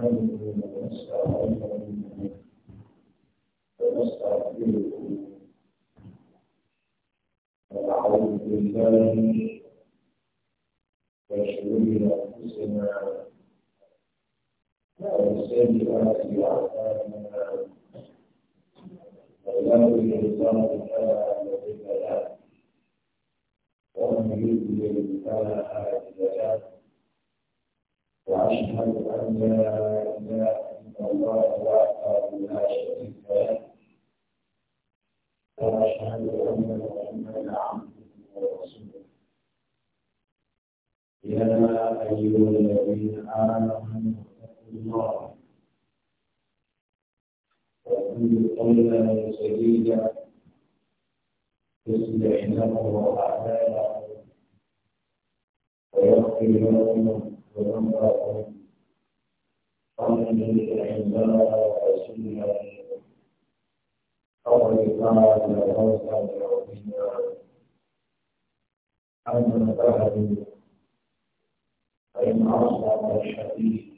نحمده ونستعينه ونستغفره ونعوذ بالله من شرور انفسنا ومن سيئات اعمالنا من يهده الله فلا مضل له ومن يضلل فلا هادي له وأشهد أن لا إله إلا الله وحده لا شريك له وأشهد أن محمدا عبده ورسوله يا أيها الذين آمنوا اتقوا الله وقولوا قولا سديدا يصلح لكم أعمالكم ويغفر لكم أما بعد فإن أصعب الحديث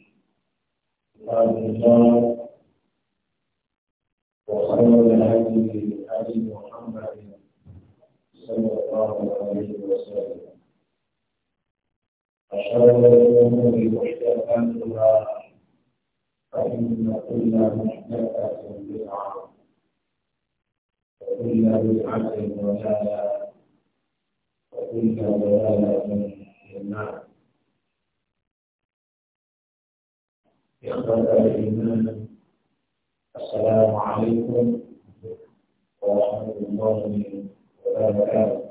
كتاب الله وخير الهدي هدي محمد صلى الله عليه وسلم وشر الأمور محدثاتها فإن كل محدثة بدعة وكل بدعة ضلالة وكل ضلالة في النار إخوة الإيمان السلام عليكم ورحمة الله وبركاته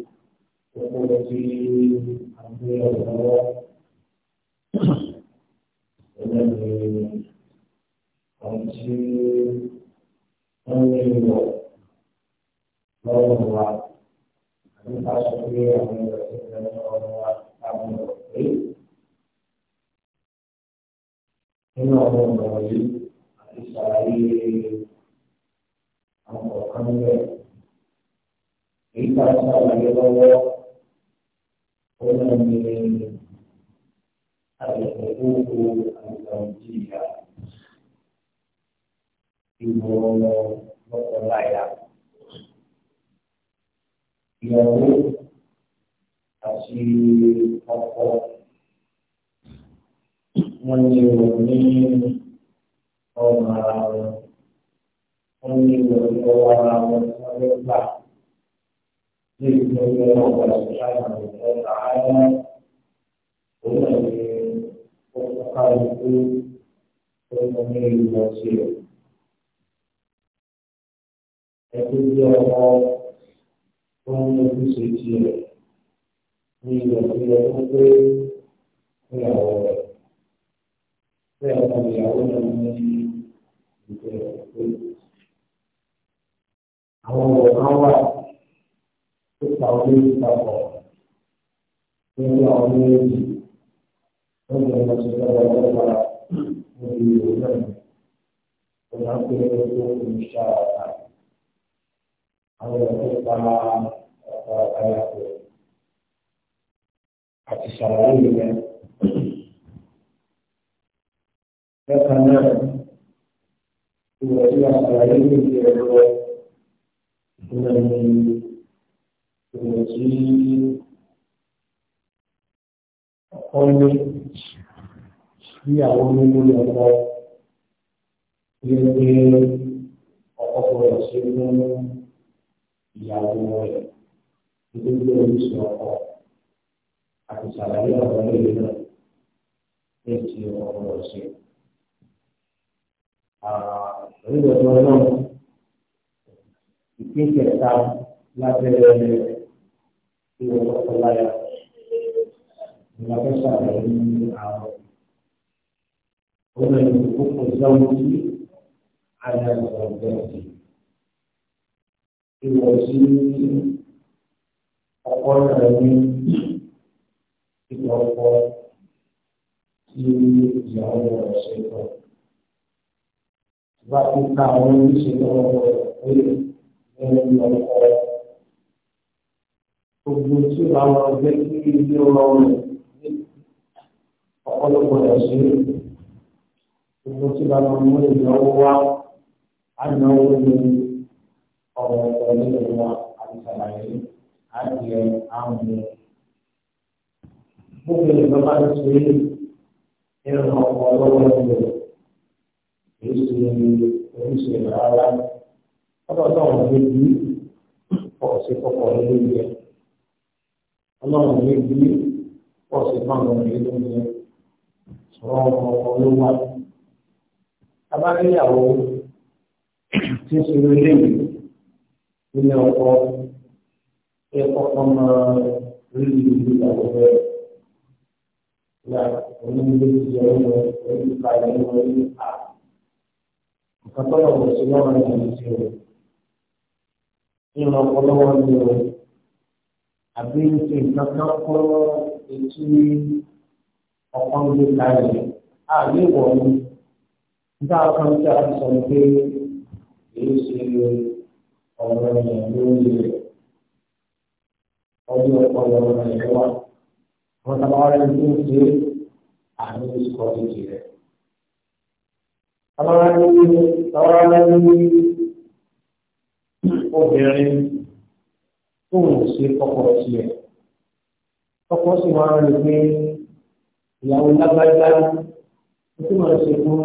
kókó lọ sí àgbéyẹ̀wò lọ́wọ́. Ẹgbẹ́ mi àwọn tí wọ́n ní ìwọ̀ lọ́wọ́ wa àti ká pé àwọn ìwọ̀ tó ń lọ lọ́wọ́ wa àwọn ìwọ̀ pé. Nínú àwọn ọ̀rọ̀ yìí àti ṣàlàyé àwọn ọ̀kan bẹ́ẹ̀. Èyí tá a ṣàlàyé lọ́wọ́. ومن الحقوق الزوجية يقول مطلعيا يقول أشيء أخر من يؤمن أو ما أو من يؤمن أو ما لذكر الله سبحانه وتعالى هو الخالق والمنير البصير يقول يا الله كن بسجيه ليغفر لكم يا الله فيعلم يعلم من يتوكل هو الله ó ta owó papọ̀ lórí àwọn méjì lọ́jọ́ ìrọ̀sẹ̀ lọ́wọ́ lọ́wọ́ lórí ìwé náà ó máa ń pè é tó ń ṣá àtà àwọn ẹ̀kọ́ pa ọ̀pọ̀ àyàpọ̀ àti ṣàlàyé rẹ̀. Bákan náà, ìwọ̀n tí a ṣàlàyé ní ìdí ẹ̀rọ ìgbìmọ̀ ìròyìn ọkọ ní bí àwọn onímọ̀ ọkọ ní pé ọkọ gbọdọ̀ ṣe fún ìyàwó rẹ̀ nítorí oríṣi ọkọ àti ṣàlàyé ọ̀rọ̀ ilé náà ní ti ọkọ gbọdọ̀ ṣe. Àwọn ìgbésẹ̀ náà lábẹ́ tí ìgbà tó ká àwọn oníṣègùn ọkọ rẹ pé ẹni ọkọ gbogbo tí ó àwọn ọgbẹ́ kí ilé ọlọ́run ọ̀pọ̀lọpọ̀ ẹ̀sìn gbogbo tí bá lọ mú ìnáwó wá ànáwó ní ọ̀rọ̀ ọ̀pọ̀ nínú wa àti sàlàyé àdìẹ àwọn gbogbo ìjọba bá ti ṣe nínú ọ̀pọ̀ ọlọ́wọ́ ìlú èyí sì ní oríṣiríṣi rárá ọlọ́dọ̀ ọ̀gbẹ́ bí ọ̀sẹ̀ kọ̀ọ̀kan ló ń yẹ ọlọ́run ní bí wọ́n ṣe fún ọmọ ìlú yẹn sọ̀rọ̀ ọmọ olówó àti. abáníyàwó ń ṣe ilé yìí ọkọ ẹ kọ́kọ́ máa rí ìlú ìyàwó rẹ̀ ya onílé ìyá ọmọ ẹni kalẹ̀ ọmọ ẹni ká nǹkan tó lọ́wọ́ sí lọ́wọ́ ní ìlú sí o ní ọ̀pọ̀lọpọ̀ ní o àbí ṣe nǹkan kọ́ etí ọ̀kan gbé kalẹ̀ àbí ìwọ̀nyí nígbà kan tí a sọ pé èyí ṣe ọ̀rọ̀ ẹ̀yìn lórí rẹ̀ ọdún ọ̀pọ̀lọ̀ ẹ̀yìn wà wọ́n sábà wà lẹ́nu tó ń ṣe àmì ìṣòkò ìjì rẹ̀. Àwọn ará ní obìnrin tóun ò ṣe kọ́kọ́ tiẹ̀ kọ́kọ́ sì máa ń rí pé ìyàwó lágbájá ó tún máa ń ṣe fún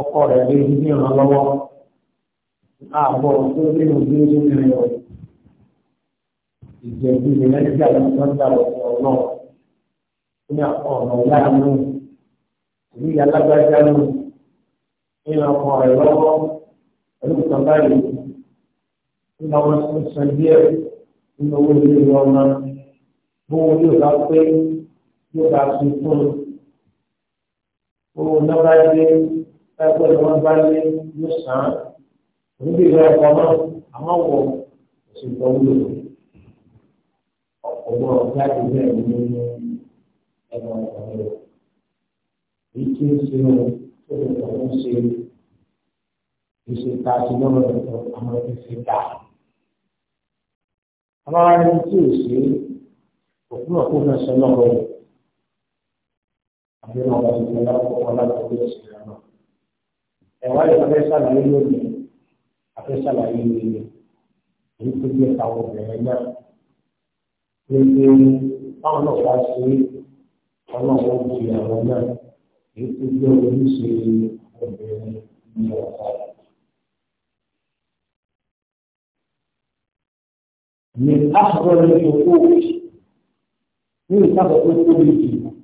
ọkọ rẹ̀ lé ní ìrànlọ́wọ́ ààbọ̀ tó nínú bí ó ṣe ń lọ ìjẹ̀bi ìrìnlẹ̀ nígbà tí wọ́n dà ọ̀rọ̀ náà ó ní ọ̀nà láàánú ìlú ìyá lágbájá nù nínú ọkọ rẹ̀ lọ́wọ́ pẹ̀lú ìtàn báyìí nínú àwọn ìsúnṣan díẹ̀ nínú owó ilé ìwé ọmọ owó yóò bá pé yóò bá tún fún un owó náà bá dé ẹgbẹ́ ni wọ́n bá lé yóò sàn án oníbi ìwé ẹ̀kọ́ náà àmọ́ wọ òṣèlú wúlò ọ̀pọ̀lọpọ̀ jáde bẹ́ẹ̀ ní ẹ̀rọ ọ̀rẹ́ èyí tí ó ṣe tó lè tọ̀wọ́ ṣe ìṣèkà àti lọ́wọ́ ẹ̀kọ́ àwọn ẹ̀ṣẹ̀ dáa àbáwá ní tí ò sí òkú ọ̀kú fẹ́ sọ náà wọ̀ àbí wọn bá ti fẹ́ lọ́kọ̀ọ́ láti ọdún sí ìlànà náà. ẹ̀wá yìí fẹ́ sàlàyé lónìí afẹ́ sàlàyé lónìí èyí tó gbé àwọn obìnrin náà gbogbo báwọn náà bá ṣe ọlọ́wọ́ di àwọn náà èyí tó gbé oníṣe obìnrin ní ọ̀sán. من أفضل الحقوق من سبب الحقوق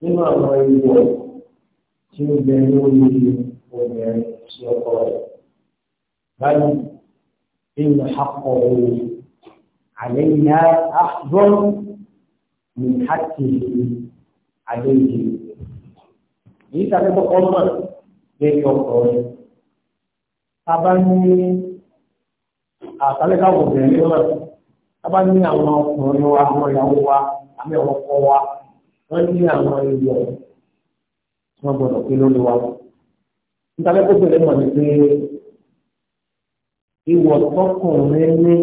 nínú àwọn ìwọ tí ó bẹ lórí obìnrin sí ọkọ rẹ̀ báyìí nínú akọ òru àlẹyìn àbọn ní káàkiri àlejò èyí tàbí kọkọ mọ lórí ọkọ rẹ̀ tábà ní àtàlẹ́kàwọ̀ obìnrin náà bá ní àwọn ọkùnrin wa àwọn ìyàwó wa àmì ọkọ wa wọ́n ní àwọn ìyọ̀ tí wọ́n gbọ́dọ̀ pé lórí wa. níta lẹ́kọ̀ọ́ bẹ̀rẹ̀ mọ̀ ní pé ìwọ̀ tọkùnrin ní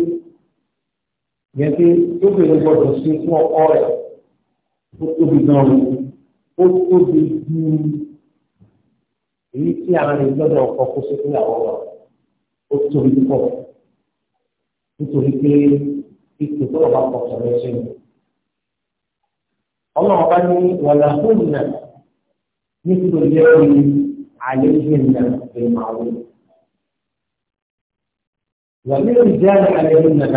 yẹn pé tó bẹ̀rẹ̀ gbọ́dọ̀ sí fún ọkọ rẹ̀ ó tóbi gan-an ó tóbi ju èyí tí àwọn ìgbọ́dọ̀ ọkọ kó sí fún ìyàwó wa ó tóbi púpọ̀ nítorí pé. ipò tó lọ́ba pọ̀ sọ̀rọ̀ ẹ̀ṣẹ̀ mi. ọlọ́run bá ní wàlá fóònù nítorí ẹ̀rí àlejò náà lè máa wọ. wàlẹ́ ìjáde àlejò náà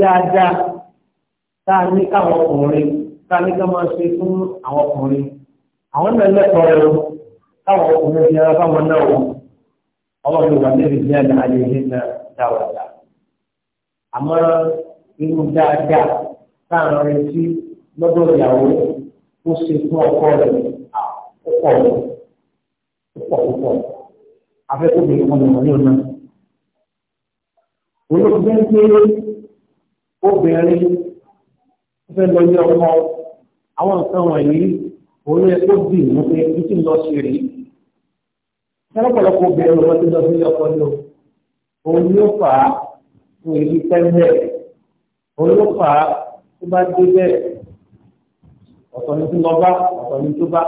náà tá a ní káwọn ọkùnrin tá a ní ká máa ṣe fún àwọn ọkùnrin àwọn náà lẹ́kọ̀ọ́ rẹ̀ káwọn ọkùnrin fi ara fáwọn náà wò ọlọ́run wà níbi ní ẹ̀dá ayẹyẹ náà dáwàdà àmọ́ irú dáadáa tá a retí lọ́dọ̀ ìyàwó ó ṣe fún ọkọ rẹ̀ púpọ̀ púpọ̀ púpọ̀ afẹ́kọ̀ọ́ ọmọdé ọ̀nà olóògbé ń pé obìnrin fẹ́ lọ yẹ ọmọ àwọn nǹkan wọ̀nyí òun yẹ kó bì mú pé n ti lọ sí rí sẹ́lẹ̀pọ̀lọpọ̀ obìnrin lọ́wọ́ ti lọ sí ilé ọkọ ní o òun yóò fà á fún ibi tẹ́lẹ̀ òun yóò fà á tó bá dé bẹ́ẹ̀ ọ̀tọ̀ ni tó lọ bá ọ̀tọ̀ ni tó bá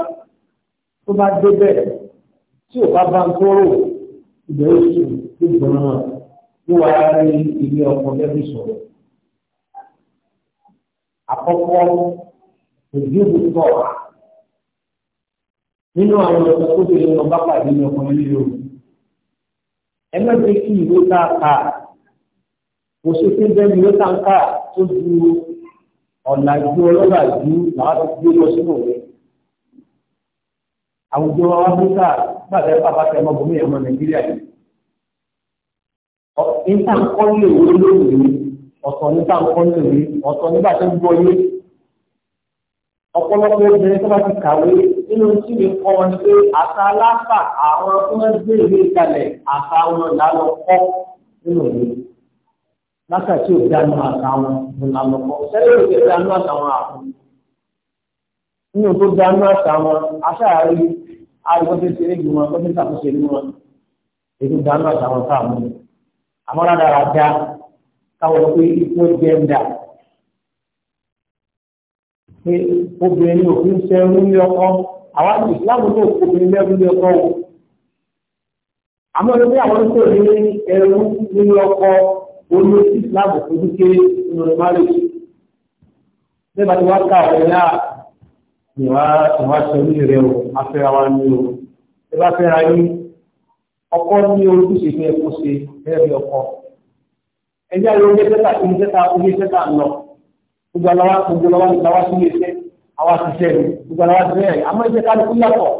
tó bá dé bẹ́ẹ̀ tí ò bá bá ń kóró ìbẹ̀rù sùn tó gbọ̀n náà ló wà á rí ilé ọkọ lẹ́bí sọ̀rọ̀ àkọ́kọ́ ìdíbò tọ̀ nínú àwọn ọ̀sán tó bèrè wọn bá pàdé ní ọkùnrin lílo ẹ má jẹ́ kí ìwé tá a kà kò sí pé bẹ́ẹ̀ ìwé tá a kà tó ju ọ̀nà ju ọlọ́dà ju làwọn ti gbé lọ sínú rẹ̀ àwùjọ áfíríkà gbàdé pàpà tẹ ọmọ bòmí ẹ̀mọ nàìjíríà yìí ọ̀ ní kọ́ lè wọlé lónìí ọ̀tọ̀ nígbà ń kọ́ nílùú ọ̀tọ̀ nígbà tó ń gbọ́ yé ọ̀pọ̀lọpọ̀ obìnrin tó bá ti kàwé nínú tí mi kọ́ wọn pé àṣà aláṣà àwọn tó máa ń gbé ìwé ìkàlẹ̀ àṣà wọn lálọ́ kọ́ nínú ìwé látà tí ò dánú àṣà wọn ló lálọ́ kọ́ sẹ́yìn ò ti dánú àṣà wọn àfún nínú tó dánú àṣà wọn àṣà rí àìwọ́n tó ṣe é ju wọn tó ṣe ṣàkóso ìlú wọn ètò dánú àṣà wọn sáà mú àmọ́ táwọn sọ pé ikú jẹ ń dà pé obìnrin ò fi ń ṣe ẹrú ní ọkọ àwọn ìsìláàmù náà kò fi ń lẹ́rú ní ọkọ o àmọ́ ẹni pé àwọn tó ní ẹrú nínú ọkọ olú ìsìláàmù fojú kéré nínú rẹ̀ má lè ṣe bẹ́ẹ̀ bá ti wá ká ọ̀rẹ́ náà ni wá ìwà sọ́lú rẹ̀ o afẹ́ra wa ní o ẹ bá fẹ́ra yín ọkọ ní ojúṣe fẹ́ kó ṣe fẹ́ rí ọkọ ẹjẹ́ àwọn oúnjẹ tẹ́ta oúnjẹ tẹ́ta oúnjẹ tẹ́ta lọ gbogbo aláwa gbogbo aláwa ní aláwa sí iṣẹ́ àwa ti ṣẹ́ gbogbo aláwa ti rẹ̀ àmọ́ iṣẹ́ kálukú yàtọ̀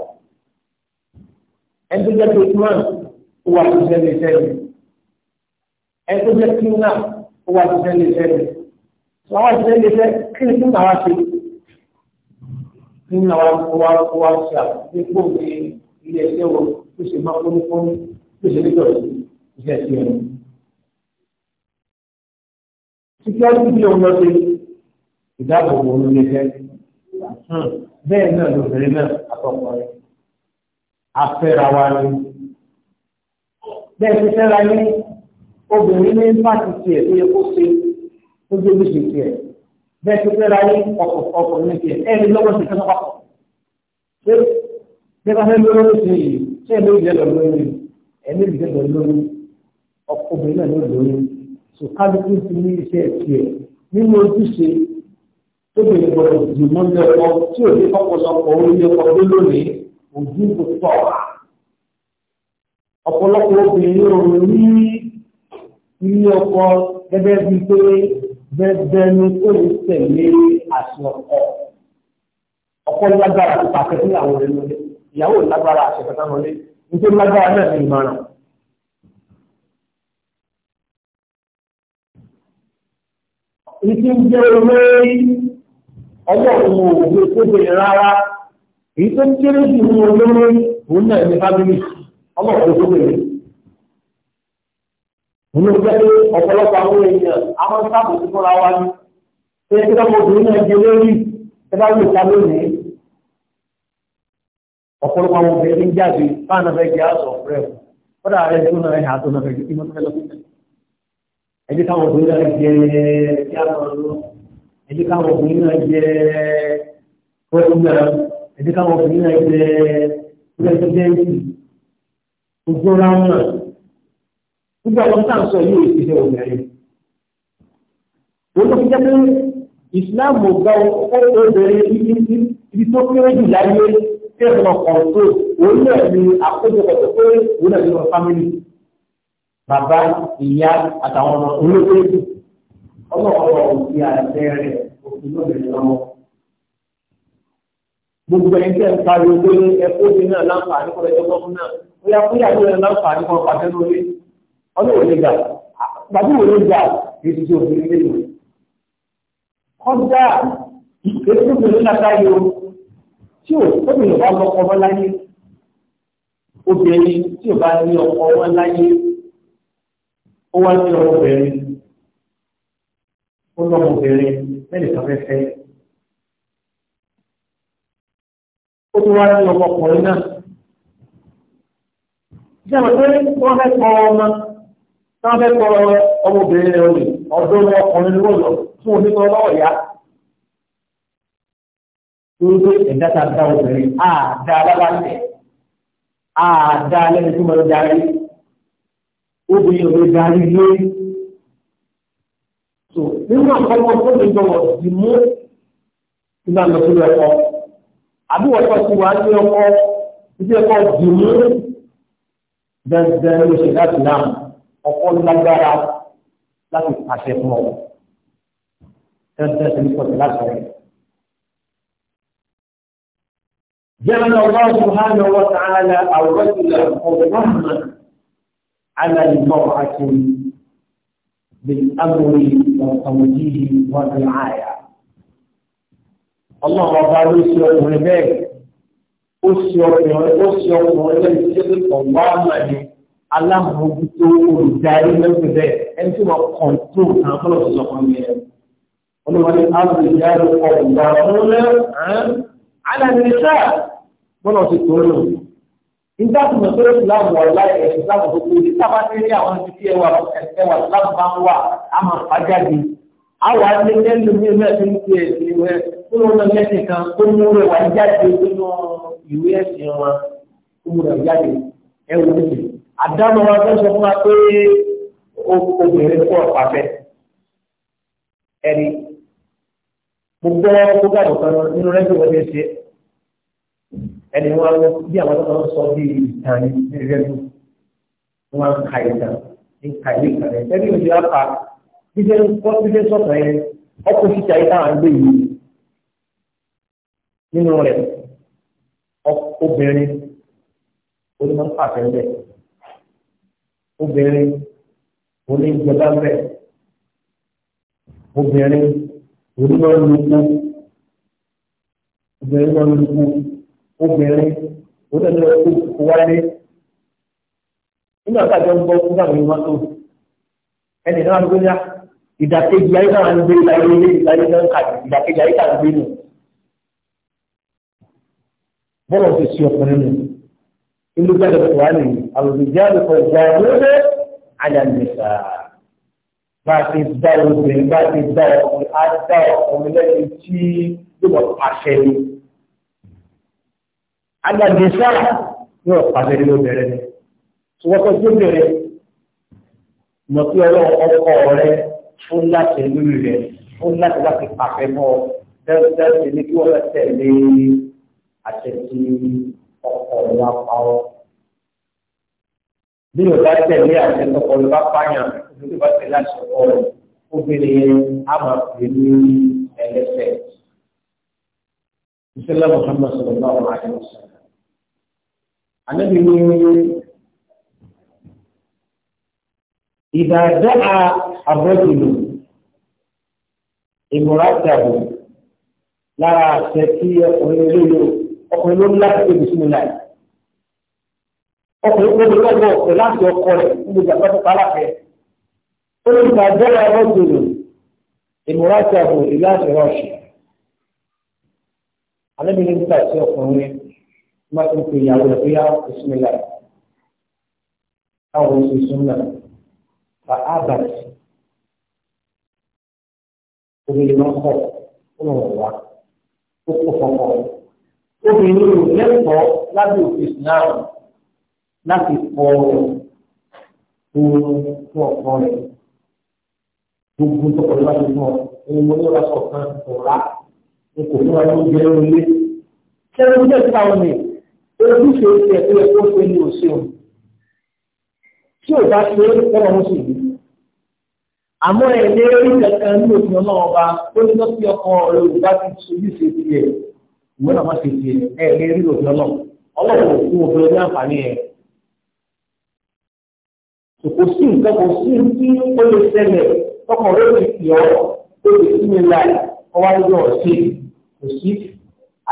ẹni tó jẹ́ pé imán ó wà ti ṣẹ́ lè ṣẹ́ ẹni tó jẹ́ kíńnà ó wà ti ṣẹ́ lè ṣẹ́ rẹ̀ sọ àwa ti ṣẹ́ lè kí ni kíńnà wa ṣe kíńnà wa wa wa ṣe àgbégbò ní ilé ẹ̀ṣẹ́ wo tó ṣe máa fónífóní tó ṣe nítorí iṣẹ́ ti ẹ̀rọ síkẹ́rìtì ní òun lọ́sẹ̀ ìdáàbòbò òun lè fẹ́ hmm. bẹ́ẹ̀ náà lóbìnrin náà àtọkọ rẹ̀ afẹ́ra wa ni bẹ́ẹ̀ ti fẹ́ra ní obìnrin ní pàtì tiẹ̀ tó yẹ kó ṣe tó gbé bí ṣe tiẹ̀ bẹ́ẹ̀ ti fẹ́ra ní ọkọ̀ ọkọ̀ ní tiẹ̀ ẹ̀ ní lọ́wọ́ ti fẹ́ sọ́kọ̀ ṣé bí wọ́n fẹ́ lórí ló ṣe yìí ṣé ẹ̀mí ìjẹ́ lọ lórí ẹ̀mí ìjẹ́ lọ lórí ọkọ̀ obìnrin náà ló lórí sùkálùkù ti ní iṣẹ́ tiẹ̀ nínú ojúṣe tó bẹ̀rẹ̀ gbọ́dọ̀ jù mọ́ ní ọkọ tí ò ní kọ́kọ́sọpọ̀ orí ọkọ dé lónìí ojú kò tọ̀ wá. ọ̀pọ̀lọpọ̀ obìnrin ò ní ilé ọkọ gẹ́gẹ́ bíi pé bẹ́ẹ̀ ni ó lè tẹ̀lé àṣẹ ọkọ. ọkọ lágbára pàṣẹ fún ìyàwó rẹ̀ lọlé ìyàwó lágbára àṣẹ kẹta lọlé nítorí lágbára náà ní ìmọ̀ràn. ìtí ń jẹ́ olórí ọjọ́ òun òwe tó bèrè rárá èyí tó kéré jù ní olórí òun náà ní fábílì ọmọ òwe tó bèrè. Nínú jẹ́ pé ọ̀pọ̀lọpọ̀ àwọn èèyàn a máa ń sábò sí fúnra wa ní. Ṣé kí lọ́mọ obìnrin náà jẹ lórí ẹ bá lè ta lónìí? Ọ̀pọ̀lọpọ̀ àwọn obìnrin jáde fáànà fẹ́ jẹ́ àṣọ ọ̀pẹ́rẹ́ kọ́dà rẹ̀ tó náà ẹ̀ àtọ́ náà fẹ́ jẹ́ kí wọ́n fẹ́ lọ́kùnrin ẹni káwọn obìnrin náà jẹ kí á máa lọ ẹni káwọn obìnrin náà jẹ kọ́ńtà ẹni káwọn obìnrin náà jẹ pírẹsidẹ́ǹtì gbogbo ráwọn náà gbogbo àwọn tá à ń sọ yìí ti ṣe obìnrin. wọ́n tó fi jẹ́ pé ìsìláàmù gba obìnrin ibi tó kéré jù láyé kí ẹ̀sìn ọkọ̀ tó òun náà ní àkójọpọ̀ tó pé òun náà ní wọn fámìlì bàbá ìyá àtàwọn ọmọ olóṣèlú ọlọ́pàá òsì àṣẹ rẹ̀ òsì lóbìnrin lọ́wọ́. gbogbo ẹni tẹ́ ń pariwo pé ẹkọ́ mi náà láǹfààní kọ́ ẹjọ́ gbọ́n náà ó yá fún ìyàwó rẹ̀ láǹfààní kọ́ pàṣẹ lórí ọlọ́wọ́ lè gbà gbàdú wò lè gbà èsì tí òfin lè lò. kọjá ètò ìpínlẹ̀ náà yóò tí ò tóbi ìwà ọkọ̀ wọn láyé obìnrin tí ò bá ní ọkọ̀ wọn láyé ó wá ní ọmọbìnrin ó lọ́mọbìnrin mẹ́rin kan fẹ́ fẹ́ ó tún wá ní ọmọkùnrin náà ṣé àwọn pé wọ́n fẹ́ kọ́ ọmọ tí wọ́n fẹ́ kọ́ ọmọbìnrin rẹ̀ òní ọ̀dọ́ ní ọkùnrin ló lọ fún onítọ̀ lọ́wọ́ ìyá lórí ẹ̀dá tá a dá obìnrin àdá alábàtẹ̀ àdá lẹ́nu tí mo darí obìnrin ò lè darí lé. So nínú àkọ́kọ́ tó lè gbọ́wọ́ di mú nínú àmọ́ sí ẹ̀kọ́. Àbí wọ́n tọ́ sí wa ní ọkọ́ ilé ẹ̀kọ́ di mú dandan ló ṣe láti náà ọkọ́ lágbára láti pàṣẹ fún ọ. Dandan ṣe ní pọ̀jù láti rẹ̀. جعل الله سبحانه وتعالى الرجل قوما على المرأة بالأمر والتوجيه والرعاية الله ọba ló ṣe ọkùnrin bẹ́ẹ̀ ó ṣe ọkùnrin ó ṣe ọkùnrin lẹ́yìn tí ó kọ̀ wá mà ní alámòójútó olùdarí lẹ́sìn bẹ́ẹ̀ ẹni tí wọ́n kọ̀ǹtó náà fọlọ́ sí ọkùnrin yẹn. olùwárí alùpùpù ọ̀gbà ọ̀rẹ́ ẹ̀ ẹ̀ alẹ́ nísà bọ́lá ti tó lò nígbà tí mo sọ̀rọ̀ ìsìláàmù ọ̀la ìsìláàmù tó kú nígbà bá ti rí àwọn ti fi ẹwà ẹwà ìsìláàmù bá ń wà á máa fà jáde àwọn alẹ́lẹ́ ló ní ẹgbẹ́ tó ń fi ẹ̀sìn rẹ̀ tó ló lọ lẹ́sìn kan tó mú rẹ̀ wá jáde nínú ìwé ẹ̀sìn wọn tó mú rẹ̀ jáde ẹ̀wù nìyí. àdánù wa fẹ́ sọ fún wa pé obìnrin pọ̀ pàfẹ́ ẹ̀rí gbogbo ọkọ̀ gbàdúgbò nínú rẹ́díò ẹni wọn lọ bí àwọn tó ń sọ bí ìtàn ní rẹ́dù wọn ń ka ìtàn ń ka ìwé ìtàn rẹ̀ ẹni òjò àpá bíjẹ́ kọ́ bíjẹ́ sọ̀tàn yẹn ọkọ̀ ṣíṣe ayé táwọn ń gbé yìí nínú rẹ̀ obìnrin onímọ̀ pàṣẹ ń bẹ̀ obìnrin oníjọba ń bẹ̀ obìnrin onímọ̀ ń lukú obìnrin ń lukú obìnrin onídàájọ́ kó wálé nígbà tá a jọ ń bọ́ fún àwọn ìwà tó ẹnì náà ló yá ìdàkejì ayé náà ń gbé ìlàyé ilé ìlàyé náà ń kà ìdàkejì ayé náà ń gbé nù bọ́lá ti ṣe ọkùnrin nù ìlú gbàdọ̀ tó wà nìyí àlùjá àlùkò ìjà lóde àjàǹdẹ̀sà bá a ti dá obìnrin bá a ti dá ọkùnrin á dá ọkùnrin lẹ́yìn tí yóò pàṣẹ yìí agbàgbèsá yóò pàṣẹ nínú bẹ̀rẹ̀ ṣùgbọ́n tó bẹ̀rẹ̀ mọ̀ pé ọlọ́run ọkọ rẹ fún láti lórí rẹ fún láti láti pàṣẹ mọ́ tẹ́lifíṣẹ́ ní kí wọ́n lọ tẹ̀lé àṣẹ tí ọkọ wa pa ọ́. bí o bá tẹ̀lé àṣẹ tọkọ ló bá pààyàn bí o bá tẹ̀lé àṣẹ ọkọ rẹ obìnrin á máa pè ní ẹlẹ́sẹ̀. Bismillah Muhammad sallallahu alaihi wasallam ànábì ní ìdàdá àbọ̀dìlù ìmúratàbò lára àṣẹ tí ọkùnrin olóyò ọkùnrin ló ń láti ṣe bìsúnmù láì ọkùnrin tó ń lọ́gbọ̀ ọ̀pẹ̀ láti ọkọ rẹ̀ níbi ìjàpá tó pàlàfẹ́ ó ní ìdàdá àbọ̀dìlù ìmúratàbò ìlànà ìrọ̀ṣẹ̀ ànábì ní ìdàdá sí ọkùnrin má tó ń pè ìyàwó rẹ̀ bóyá ìsúnmílà káwọn oṣù ìsúnmílà fa ábàtì obìnrin náà kọ̀ ó lọ wọ̀ wá ó kó fọkọ obìnrin ò lẹ́kọ̀ọ́ lábẹ́ òfin náà láti kọ ohun fún ọ̀pọ̀ rẹ̀ gbogbo tọkọ ló bá ti fún ọ ohun mo ní ọ̀rọ̀ sọ̀kan ọ̀rá n kò fún ọ ní oúnjẹ orí lé kí ẹni tó tẹ̀síwájú ni ojúṣe ìṣe tó yẹ kó ṣe ní òṣè o tí ò bá ṣe ọ̀rọ̀ wọn sì bí àmọ́ ẹ lé orí kankan ní òfin ọlọ́run ọba ó ní lọ sí ọkọ rẹ ò bá ti ojúṣe tiẹ̀ ìwé náà má ṣe tiẹ̀ ẹ lé rí òfin ọlọ́run ọlọ́run ò fún obìnrin ní àǹfààní ẹ kò sí nǹkan kò sí tí ó lè ṣẹlẹ̀ ọkọ rẹ ti pè ọ́ ó lè sí mi láì ọwọ́ ayé ọ̀sẹ̀ kò sí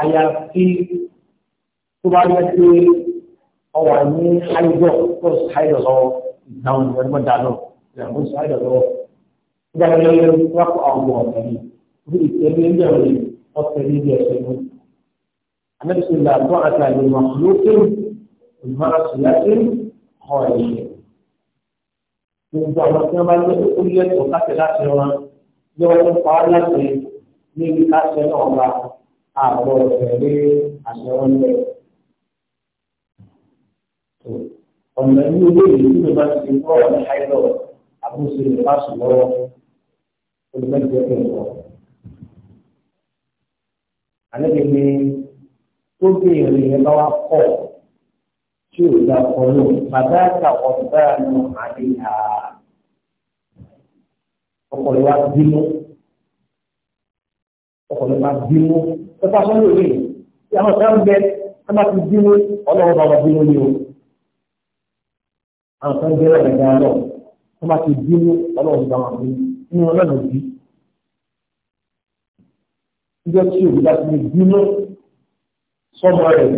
àyàfi tó bá yẹ pé ọwà ní àìjọ tó ṣàìjọ sọ ìdáhùn ìwé ẹgbẹ́ dáná ìyàwó ṣàìjọ sọ ìgbà tó yẹ wákò àwọn ọ̀tẹ̀ yìí bí ìtẹ̀lé ń bẹ̀rẹ̀ ọ̀tẹ̀ ní ibi ẹ̀sẹ̀ mú. Àmẹ́sìn là bọ́ àtàlẹ́ wọn lókè ìmọ̀ràn síláṣẹ́ ọ̀ ẹ̀ṣẹ̀. Gbogbo àwọn tí wọ́n bá yẹ kó yẹ tó káṣẹ láti wọn yọ ọdún pa láti ní káṣẹ náà wà àbọ̀ ẹ̀rẹ́ àṣẹ wọn lẹ́yìn. ọ̀nà ní ilé ìlú tó bá ti fi kọ́ ọ̀nà àìlọ́ àbúṣe rẹ̀ bá sùn lọ́wọ́ olùmọ̀jọ tó ń bọ̀. Àlejò ni tó bí ìrìn yẹn bá wá kọ̀ tí ò dá kọ́ lò bàbá àgbà ọ̀dọ́ àná àdéhà ọkọ̀ rẹ̀ wá bínú ọkọ̀ rẹ̀ wá bínú ẹ̀fọ́ sọ́yìn òní ìyàwó sáà ń bẹ ẹ má ti bínú ọlọ́wọ́ bàbá bínú ni o àwọn kan jẹ́ ọ̀rẹ́ gan lọ wọ́n bá ti bínú ọlọ́run bá wọn bínú inú ọlọ́run bí níjọ́ tí òbí bá ti lè bínú sọ́mọ rẹ̀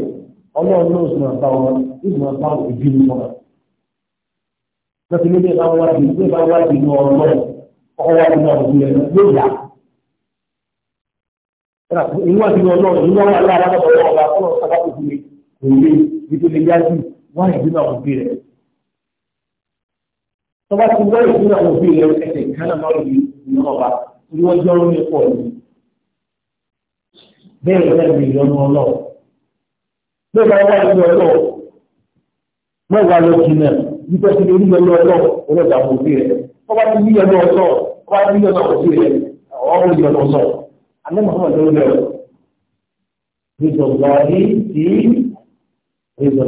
ọlọ́run náà sì máa bá wọn sì máa bá wọn bínú wọn. lọ́sibí bí bá wá bínú bí bá wá bínú ọlọ́run ọkọ̀ wá bínú ọ̀rọ̀ rẹ̀ yóò yá. ìwọ́n bínú ọlọ́run ìwọ́n wà lára lọ́wọ́ ọ̀la ọlọ́run sábà kò fi lè kò lè nítorí yájú wáyé bínú àwọn òbí rẹ̀ tọ́ba ti wọ́n ìdúró àwọn òbí rẹ̀ ẹsẹ̀ kánà máa yí iná ọba ní wọ́n jọ ní pọ̀ ní. bẹ́ẹ̀ náà ní ìyọnu ọlọ́ọ̀ bẹ́ẹ̀ bá wà ní ọlọ́ọ̀ mẹ́wàá lọ jìnnà nípa ti lórí ìyọnu ọlọ́ọ̀ ọlọ́ọ̀dà àwọn òbí rẹ̀ tọ́ba ti ní ìyọnu ọlọ́ọ̀ tọ́ba ti ní ìyọnu òbí rẹ̀ ọ̀hún ìyọnu ọ̀sọ̀ alẹ́ mọ̀ọ́mọ̀ ló rẹ̀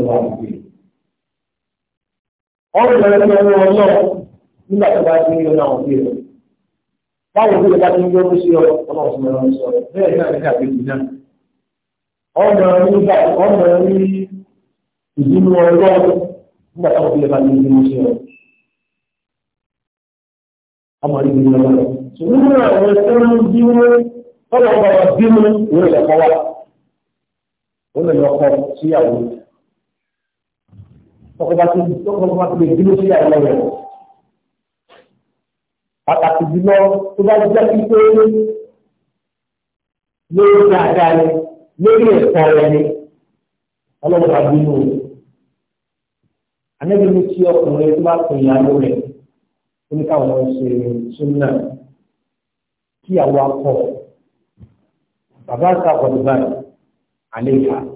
ọ̀ ọ̀rọ̀ ìbẹ̀rẹ̀ fún ẹni ọlọ́ nígbà tó bá ti ń yọ náà òbí rẹ̀ báwo bí o bá ti ń yọ sí ọ ọmọ òsùn ọmọ sọ bẹ́ẹ̀ náà ní àgbègbè náà ọmọ nígbà ọmọ ní ìdínú ọlọ́ nígbà tó bá ti ń yọ sí ọ ọmọ ní ìdínú ọlọ́ ṣùgbọ́n ní àwọn ẹgbẹ́ ń bínú ọlọ́ ọba bínú òun lè wa òun lè lọ́kọ́ síyàwó rẹ̀ tọkọba tó tọkọba tó lè dúró sí àìlọ rẹ pàtàkì jùlọ tó bá jẹ́ kí pé lórí dáadáa ni lórí ẹ̀kọ́ rẹ ni ọlọ́run bá bínú o anẹ́bí mi tí ọkùnrin tó bá pè ìyàwó rẹ̀ ó ní káwọn ọmọ ṣe súnmọ́ kí akọ bàbá àtàkọ̀dùbà àlejò.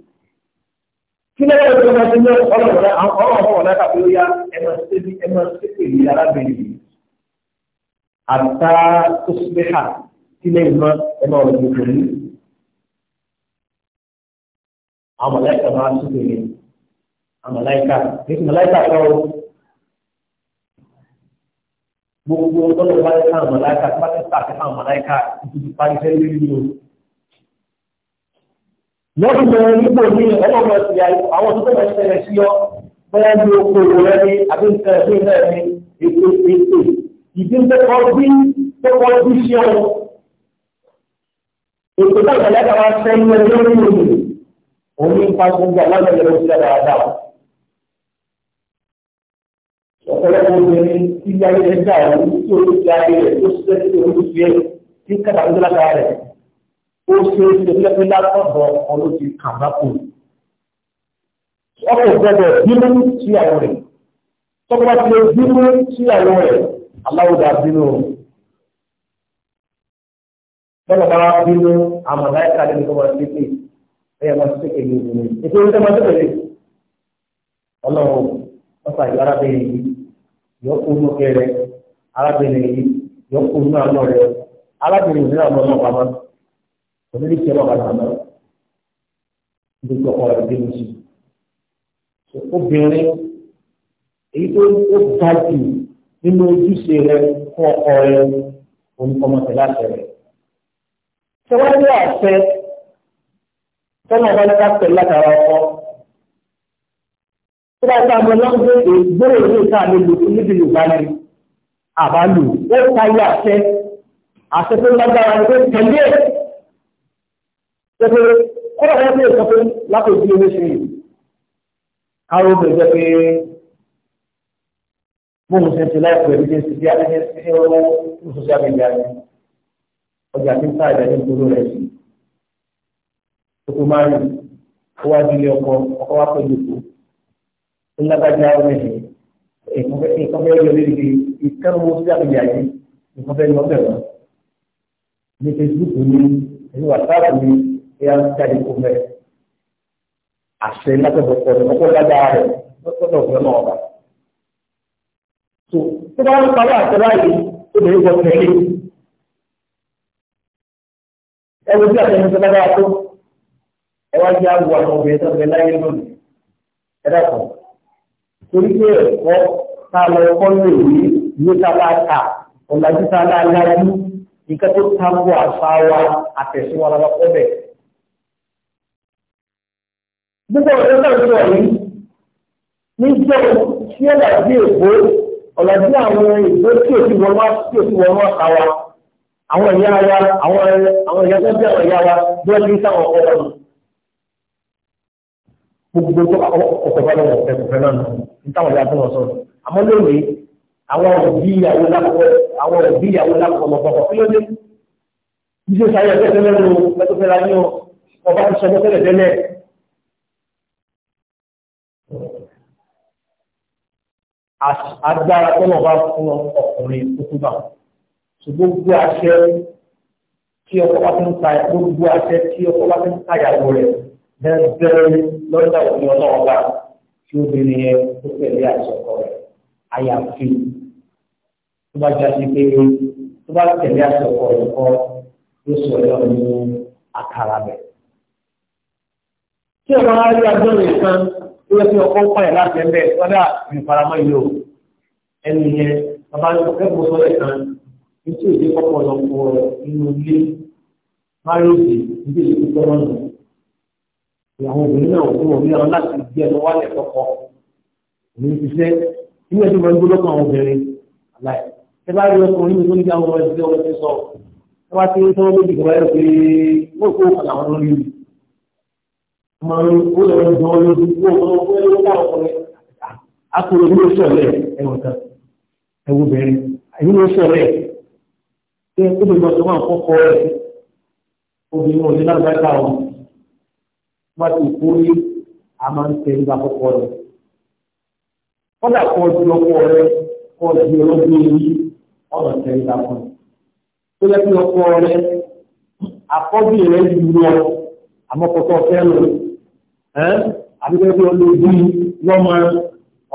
kí ló wọ́n tó máa ti ní ọlọ́wọ́lá ọlọ́wọ́ náà kàpé ó yá ẹmọ síbi ẹmọ síbi ìlú arábìnrin yìí àtà tó síbẹ̀ hà kí lè mọ ẹmọ ọ̀rọ̀ tuntun ní. àwọn mọ̀láìkà máa ń síbi ní àwọn mọ̀láìkà ní ti mọ̀láìkà sọ ọ́ gbogbo ọlọ́wọ́ bá ti àwọn mọ̀láìkà tó bá àwọn mọ̀láìkà tuntun parí fẹ́ lórí yìí lọ́dún mẹ́rin nígbò ní ọlọ́mọ ti yà àwọn tó tẹ̀lé ṣẹlẹ̀ sí ọ bẹ́ẹ̀ ní oko òwò rẹ ní àbí nǹkan ẹ̀mí náà ní ètò ètò ìdí ń tẹ́kọ̀ bí tẹ́kọ̀ bí ṣe ọ. ètò náà tẹ̀lé ká máa ṣẹ́ ní ẹgbẹ́ lórí òní òun ní ipa gbogbo àwọn ẹgbẹ́ lọ sí dáadáa. ọ̀pọ̀lọpọ̀ obìnrin tí ilé ayé rẹ̀ dà ọ̀hún tí olùsí ayé rẹ̀ tó ṣiṣẹ́ sí olùsí ẹ̀ tí kàtàkùn ó ṣe é ṣe pé látọ̀dọ̀ ọkọ ló ti kàbá kù. ọkọ gbọ́dọ̀ bínú síyàwó rẹ̀ tọ́kọ bá ti lè bínú síyàwó rẹ̀ aláwòdà bínú o. tọ́kọ bá bínú àmàlà ẹ̀ka lẹ́nu tó máa tètè ẹ̀yà máa tètè ní ìlú ètò ìwé tó máa tètè lè. ọlọ́run ọ̀sà ìlú arábìnrin yìí yọ kó nù kẹrẹ arábìnrin yìí yọ kó nù àlọ́ rẹ arábìnrin yìí náà mọ̀ náà pamọ́ onílé tí ọlọ́ba náà lọ nítorí ọkọ rẹ̀ dé lóṣù obìnrin èyí tó ó ga jù nínú ojúṣe rẹ̀ fún ọkọ rẹ̀ oníkọmọtẹ láti rẹ̀ tẹwájú àṣẹ tọ́nà ọba ní ká pẹ̀lú látara ọkọ tó bá ta ọmọ náà gbé ìgbóró ìlú ìta àlè lò níbi Yorùbá ni àbálò ó ta ilé àṣẹ àṣẹ tó lágbára ló tẹ̀lé Tẹ́tẹ́ kọ́lá wọn ní ìsọ pé látòjú ilé ṣe yìí. Káwọn obìnrin jẹ́ pé mo ń ṣe ti láìpẹ́ ní ṣe media ni. Ọjà tí ń ta ìdájọ́ ìgboro rẹ̀ sí. Tòkó máa rìn, ó wá di ilé ọkọ, ọkọ wá pẹ̀lú ìkó. Ó ọmọdé, nǹkan fẹ́ yọ lédi ìkẹ́rù mo social media yìí, nǹkan fẹ́ yọ ọbẹ̀ wọn. Ní Facebook ni, ní WhatsApp ni, ìyá ń jáde kó fẹ́ àṣẹ látọ̀dọ̀ pọ̀ ní ọkọ̀ lágbára rẹ̀ lọ́tọ̀dọ̀ ọ̀fẹ́ náà ọ̀gá. tó tó bá ń parí àṣẹ báyìí obìnrin kan tẹ̀lé ẹwọ tí àṣẹ nípa dára tó ẹ wá jẹ́ àwọ̀ àwọn obìnrin tó ń bẹ láyé lónìí ẹ dàpọ̀ torí pé ẹ̀kọ́ tá a lọ kọ́ lórí ìwé tá a bá ta ọ̀làjú tá a láàárín nǹkan tó ta bọ̀ àṣà wa àtẹ̀síwọ́n alábàpọ̀ bẹ́ẹ̀ gbogbo ọ̀rẹ́ náà sọ yìí níjọ́ tí ó làbí èkó ọ̀làbí àwọn èkó tí òsì wọn wá tí òsì wọn wá ká wa àwọn ẹ̀yà wa àwọn àwọn ẹ̀yà tó bí àwọn ẹ̀yà wa bí wọ́n ti ń sáwọn ọkọ̀ wọn. gbogbo tó ọkọ̀ bá lọ́wọ́ ẹ̀kọ́fẹ́ náà nù nítawọn ìyá tó wọ́n sọ̀rọ̀ àmọ́ lónìí àwọn òbí ìyàwó lápò àwọn òbí ìyàwó lápò ọmọkọ̀ọ̀kọ̀ kí ló dé? ìṣèṣayọ̀ tẹ́tẹ́lẹ́nu mẹ́tọ́fẹ́lá ní ọba agbára tọ́lọ̀ bá fún ọkùnrin kúkúbà ṣùgbọ́n gbogbo àṣẹ tí ọkọ bá ti ń ta gbogbo àṣẹ tí ọkọ bá ti ń ta ìyàwó rẹ̀ bẹ́ẹ̀ lọ́dà òní ọlọ́wọ́ bá tí obìnrin yẹn tó tẹ̀lé àṣẹ ọkọ rẹ̀ àyàfi tó bá jáde pé tó bá tẹ̀lé àṣẹ ọkọ rẹ̀ kọ́ ló sọ ẹ̀ lọ́nà àkàrà bẹ̀. tí ọ̀rọ̀ tó yẹ kí ọkọ ń pààyàn láti ẹgbẹ́ wọ́n dà ìfaramọ́ ah, ìlú ẹni yẹn bàbá ẹgbẹ́ sọ lẹ́ẹ̀kan ní tí òde kọ́kọ́ lọ kọ inú ilé márùn-ún ìlú tó lọ́nà ìyàwó obìnrin náà kú òun náà láti gbé ẹnu wálẹ̀ kọ́kọ́ òun ti fẹ́ inú ẹjọ́ máa ń gbóló kan àwọn obìnrin aláì ẹ bá rí ọkùnrin mi tó ní kí àwọn ọmọ ẹgbẹ́ ọmọ ti sọ ẹ bá ti rí sọ́wọ́ méjì kọ́ máa ń ó lọ jọ lójú kó o kó o ká ọkùnrin akọrọ ìlú sọlẹ ẹwọn kan ẹwọn bẹ̀rẹ̀ ìlú sọlẹ ṣé ó lè lọ sọ máa kọ́kọ́ rẹ obìnrin òní lágbàtà o má ti kú ní a máa ń tẹ nígbà kọ́kọ́ rẹ kódà kọ ju ọkọ rẹ kọ ju ọlọ́gbìn yìí ọ̀nà tẹ nígbà kan tó yẹ kí ọkọ rẹ akọ́bí rẹ ju ẹ́ àbíkẹ́kẹ́ olóògbé lọ́mọ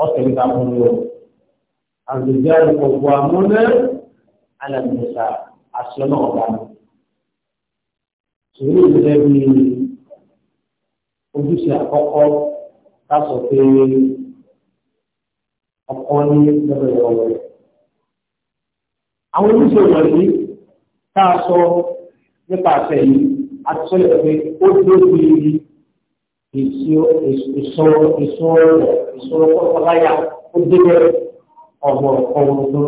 ọ̀sẹ̀ ìgbà fún yọ. àgbègbè àlùkọ̀gbọ̀ àmúlẹ̀ alàmìsà àṣẹ náà bá mi. sòrí ìgbẹ́ bí ojúṣe àkọ́kọ́ ká sọ pé ọkọ ní lọ́dọ̀ ìrọ̀wọ́ rẹ̀. àwọn ojúṣe wọ̀nyí tá a sọ nípa àṣẹ yìí àti sọ́lẹ̀ pé ó dé bí ìṣòro kọ́kọ́láyà ó débẹ̀ ọ̀gbọ̀n ọ̀hún tó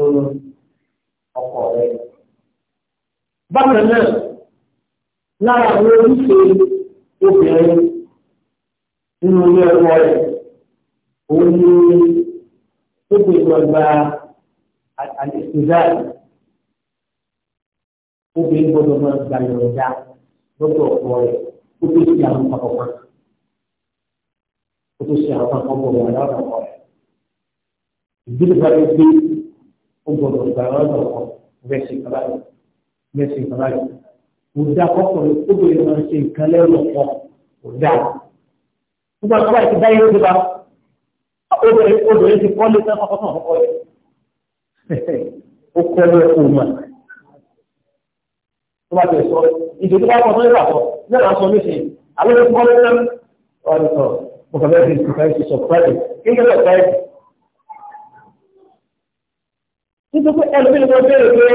ọkọ̀ rẹ̀. Bákan náà, lára àwọn ojúṣe obìnrin nínú ilé ọkọ rẹ̀, òun ni ó gbèsè ọgbà àdìsíjáì. Obìnrin gbọdọ̀ máa gbàyànjá lọ́dọ̀ ọkọ rẹ̀, ó gbèsè àwọn ọkọ̀ kan ó tó ṣe àwọn kan gbọ́dọ̀ wà láwọn ọkọ rẹ̀ ìdílé bá lè gbé ó gbọ́dọ̀ gbà lọ́dọ̀ ọkọ mẹ́sì kàlàyé mẹ́sì kàlàyé kò dá kọkùnrin kóbìnrin máa ń ṣe nǹkan lẹ́rù ọkọ kò dá nígbà tó bá ti dá yé ti bá obìnrin obìnrin ti kọ́ lé sẹ́kọ̀ọ́ sọ̀rọ̀ ọkọ rẹ̀ ó kọ́ lé ọkọ mà tó bá tẹ̀ sọ ìdòdó bá kọ́ sọ́yìn bàtọ̀ náà sọ mí sí àlọ́ ló kọ́ lé sẹ́kọ̀ọ́ mo kàn fẹ́ fi surprise to surprise kí n kẹ́ surprise. nítorí pé ẹlòmínú kan bẹ̀rẹ̀ pé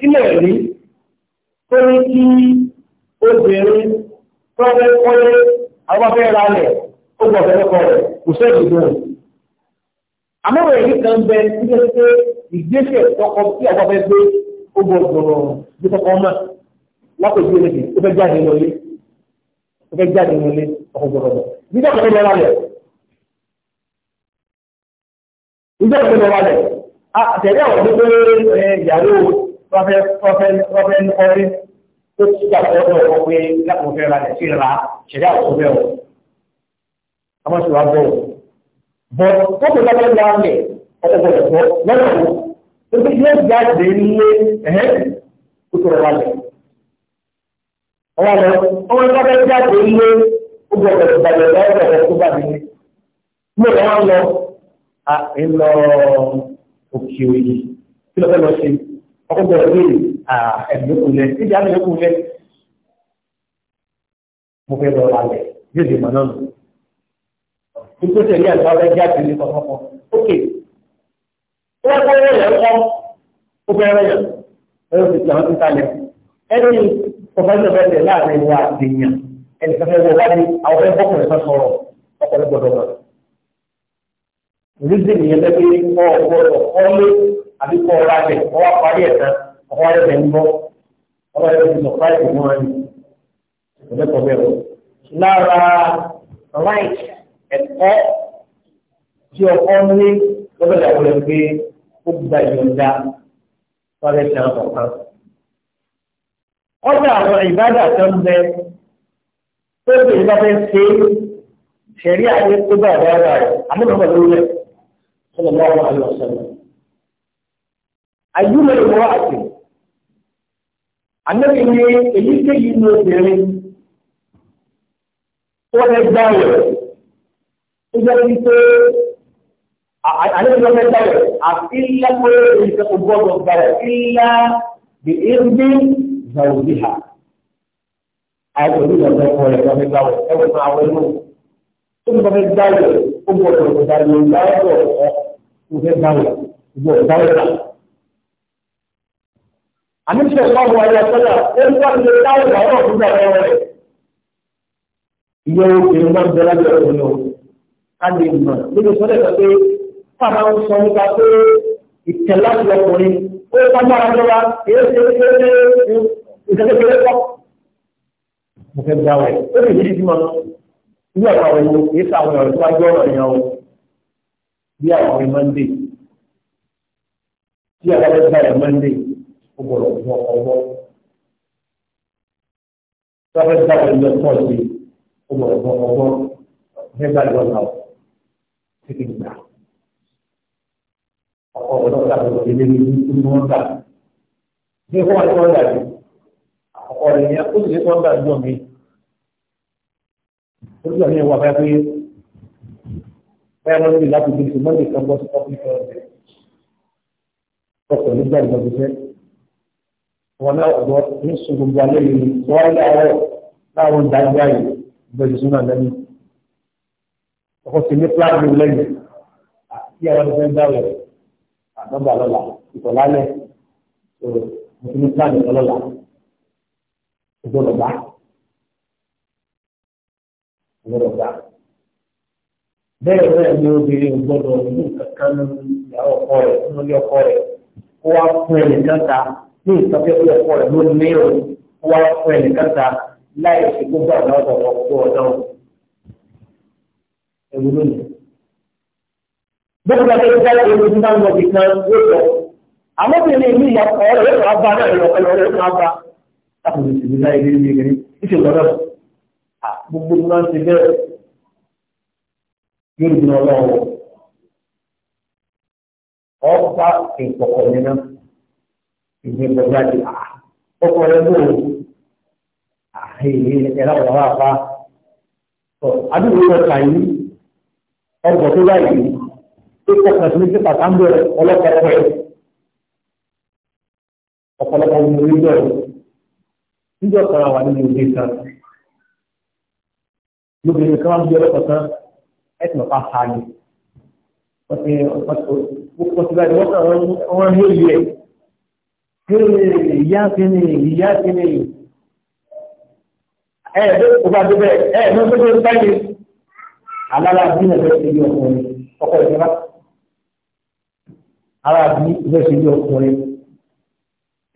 kílẹ̀ rí tó ní kí obìnrin tó fẹ́ kọ́lé àwọn bá fẹ́ ra lẹ̀ ó gbọ́ fẹ́ lọ́kọ rẹ̀ kò sẹ́ẹ̀dì dùn. àmọ́ ìròyìn kan bẹ nígbà pé ìgbésẹ̀ tọkọ tí àwọn fẹ́ gbé ó gbọ́ gbọ́rọ̀ bí tọkọ náà lápò ìgbésẹ̀ ó fẹ́ jáde lọlé ó fẹ́ jáde lọlé ọkọ̀ gbọ́dọ̀ níjọ́ kẹ̀kẹ́ lọ́la rẹ̀ níjọ́ kẹ̀kẹ́ lọ́la rẹ̀ àtẹ̀lé àwọn tó pé ìyàwó rọ́fẹ́ tó ti gbà pé pé lápò fẹ́ sí ra ṣẹ̀dá àwọn ọ̀fẹ́ ọ̀ àmọ́ sì wá bọ̀ bọ̀ tó kò lọ́wọ́ lọ́wọ́ rẹ̀ ọ̀tọ̀ bọ̀ lọ́wọ́ tó pé yóò jáde nílé ẹ̀hẹ́ tó rọ̀ wá ọwọ́ lọ ọwọ́ ìgbà jáde nílé gbọ́dọ̀ tó bàjẹ́ lọ́wọ́ ọ̀rọ̀ tó bà nílé. Mo lọ wọn lọ à ń lọ òkè òyì kí ló fẹ́ lọ ṣe ọkọ̀ gbọ́dọ̀ bí ẹ̀dínkù lẹ níbi àmìlẹ́kù lẹ. Mo fẹ́ lọ lálẹ́ yóò dé mọ̀ náà nù. Ikú tẹ̀lé àgbà ọ̀rẹ́ jáde ní kọ̀ọ̀kan. Ókè. Wọ́n fẹ́ rẹ̀ yẹn kọ́. Ó fẹ́ rẹ̀ yẹn. Ẹ̀rọ ti tẹ̀ wọ́n ti kalẹ̀. Ẹni kọ̀fẹ́sọ̀ bẹ́ẹ̀ tẹ̀ láàrin wa àti èèyàn ẹnìkan fẹ́ wọ wáyé àwọn fẹ́ bọ́kùnrin kan sọ̀rọ̀ ọkùnrin gbọdọ̀ mọ̀. Rízì nìyẹn lẹ́gbẹ́ kọ́ ọgbọ́dọ̀ kọ́lé àbí kọ́ ọ̀rá rẹ̀ kọ́ wá parí ẹ̀ tán ọkọ̀ wáyé rẹ̀ ń bọ́ ọkọ̀ rẹ̀ ti sọ̀rọ̀ láì fún wọn ni. Ìjọba bẹ̀rù. Lára right ẹ̀kọ́ tí ọkọ ní lọ́dọ̀ ìyàwó rẹ̀ pé ó gba ìyọ̀ǹda wọ́n rẹ̀ ṣe àwọn ọ̀kan. Ọ̀dà àwọn ìbádà tó ń bẹ tó o tẹ̀lé bá fẹ́ ṣe ṣẹ̀rí àyè tó bá àdáyàrá rẹ̀ àmúlòmọ̀ lórí rẹ̀ sọ̀rọ̀ bá wà lọ sọ̀rọ̀. àyùmọ̀ ìwọ àti ànábì ni èyíkéyìí ní obìnrin tó fẹ́ gbá rẹ̀ tó jẹ́ wípé àlejò ọmọ ẹgbẹ́ rẹ̀ àti ńlá pé ìṣẹ́ ògbọ́dọ̀ gbà rẹ̀ ńlá bí irúgbìn zàwùdí ha àìsàn ìlú ìjọba ẹ̀kọ́ rẹ̀ lọ́wọ́ nígbà wọ̀ ẹ̀wọ̀n máa wọ inú. tó ń bọ́ fẹ́ dáwọ̀ ó bọ̀ ọ̀rọ̀ kò dáwọ̀ ló ń dáwọ̀ ọ̀ kò fẹ́ dáwọ̀ ìbò dáwọ̀ rà. àmì tí ẹ̀kọ́ ọmọ ẹ̀yà sọ́dà ó ń bọ́ ṣe dáwọ̀ ọ̀rọ̀ fún ìgbà ẹ̀wọ̀n rẹ̀. ìyẹn obìnrin máa ń bẹ lábẹ́ ọ̀rọ̀ lọ ká lè mọ̀ níbi sọ́dẹ̀ sọ pé fáwọn ń sọ nípa pé ìtẹ̀láṣ mo fẹ́ gbá wẹ̀ ó lè yéé bímọ irú àwọn ọ̀rọ̀ yìí kì í sàwọn ọ̀rọ̀ tó wá gbọ́ ọ̀rọ̀ yẹn o bí àwọn ọ̀rẹ́ mọ́ndé tí àwọn ọ̀rẹ́ gbá ẹ̀ mọ́ndé ó gbọ́dọ̀ fún ọkọ̀ ọwọ́ tí wọ́n fẹ́ gbá ẹ̀ lọ pọ̀ sí ó gbọ́dọ̀ fún ọkọ̀ ọwọ́ fẹ́ gbá ìwọ̀n náà títí gbà ọkọ̀ ọ̀dọ́ gbà lọ́wọ́ ilé ní ìlú tó ń bí wọ́n ti wọ́n dàbí ọ̀rọ̀ yẹn ó sì lè tó ń bá ẹjọ́ mi ó sì lè wà fẹ́ pé báyọ̀ mọ́tò láti bí ṣe mọ́tò kan bọ́ sí public health ọkọ̀ nígbà ìgbàgbọ́sẹ́ wọn náà ọ̀dọ́ ní sùn gbogbo alẹ́ yìí wọ́n á láwọ̀ láwọn ìdájọ́ àyè ìgbẹ́jọ́ sínú àlẹ́yìn ọkọ̀ sì ní pílánì lẹ́yìn àti àwọn ọdún fẹ́ dáwọ̀ àdọ́gbà lọ́la ìtọ̀lálẹ̀ mo ti ní pílánì lọ́la gbọ́dọ̀ gbà gbọ́dọ̀ gbà bẹ́ẹ̀ bẹ́ẹ̀ ni obìnrin gbọ́dọ̀ ní kankan ìyàwó ọkọ rẹ̀ nínú ilé ọkọ rẹ̀ kó wá fún ẹnìkan ta ní ìtọ́jú ilé ọkọ rẹ̀ ló ní o kó wá fún ẹnìkan ta láì ṣe gbogbo àwọn ọ̀dọ̀ ọ̀pọ̀ ọ̀dọ̀ ẹ̀wù lónìí. bẹ́ẹ̀ bá tẹ́lẹ̀ bá ewu tí wọ́n lọ bìkan yóò lọ àwọn obìnrin ní yóò táwọn ìṣèlú láyé lé ní ìrírí ìṣèlú lọ́dọ̀ gbogbo náà ṣe bẹ́ẹ̀ yóò dùn ọlọ́wọ́ ọ̀pá ìkọ̀kọ̀ yẹn náà ìgbìmọ̀ jáde ọkọ̀ rẹ̀ bò ó àhìhì ẹ̀rọ ọ̀rọ̀ àpá àdúgbò kọ̀ọ̀kan yìí ọgbọ̀n tó báyìí tó kọ̀ọ̀kan sí ní pípa tá ń ọlọ́pàá ọ̀pọ̀ ọ̀pọ̀lọpọ̀ ọmọ orí bẹ̀rẹ̀ níjọ́ kan wà nínú òde kan lóbìnrin kan wá bí ọlọ́pàá kan ẹ̀ tì lọ́pàá fa ni wọ́n ti wọ́n ti báyìí wọ́n kàn wọ́n rí òye ẹ̀ kéèrè ìyá kíni ìyá kíni ẹ̀ ẹ̀ kó bá dé bẹ́ẹ̀ ẹ̀ ẹ̀ lọ́sọ̀ tó ń báyìí alára bí ẹ̀fẹ́ ṣe bí ọkùnrin ọkọ̀ ìjọba ara bí ẹ̀fẹ́ ṣe bí ọkùnrin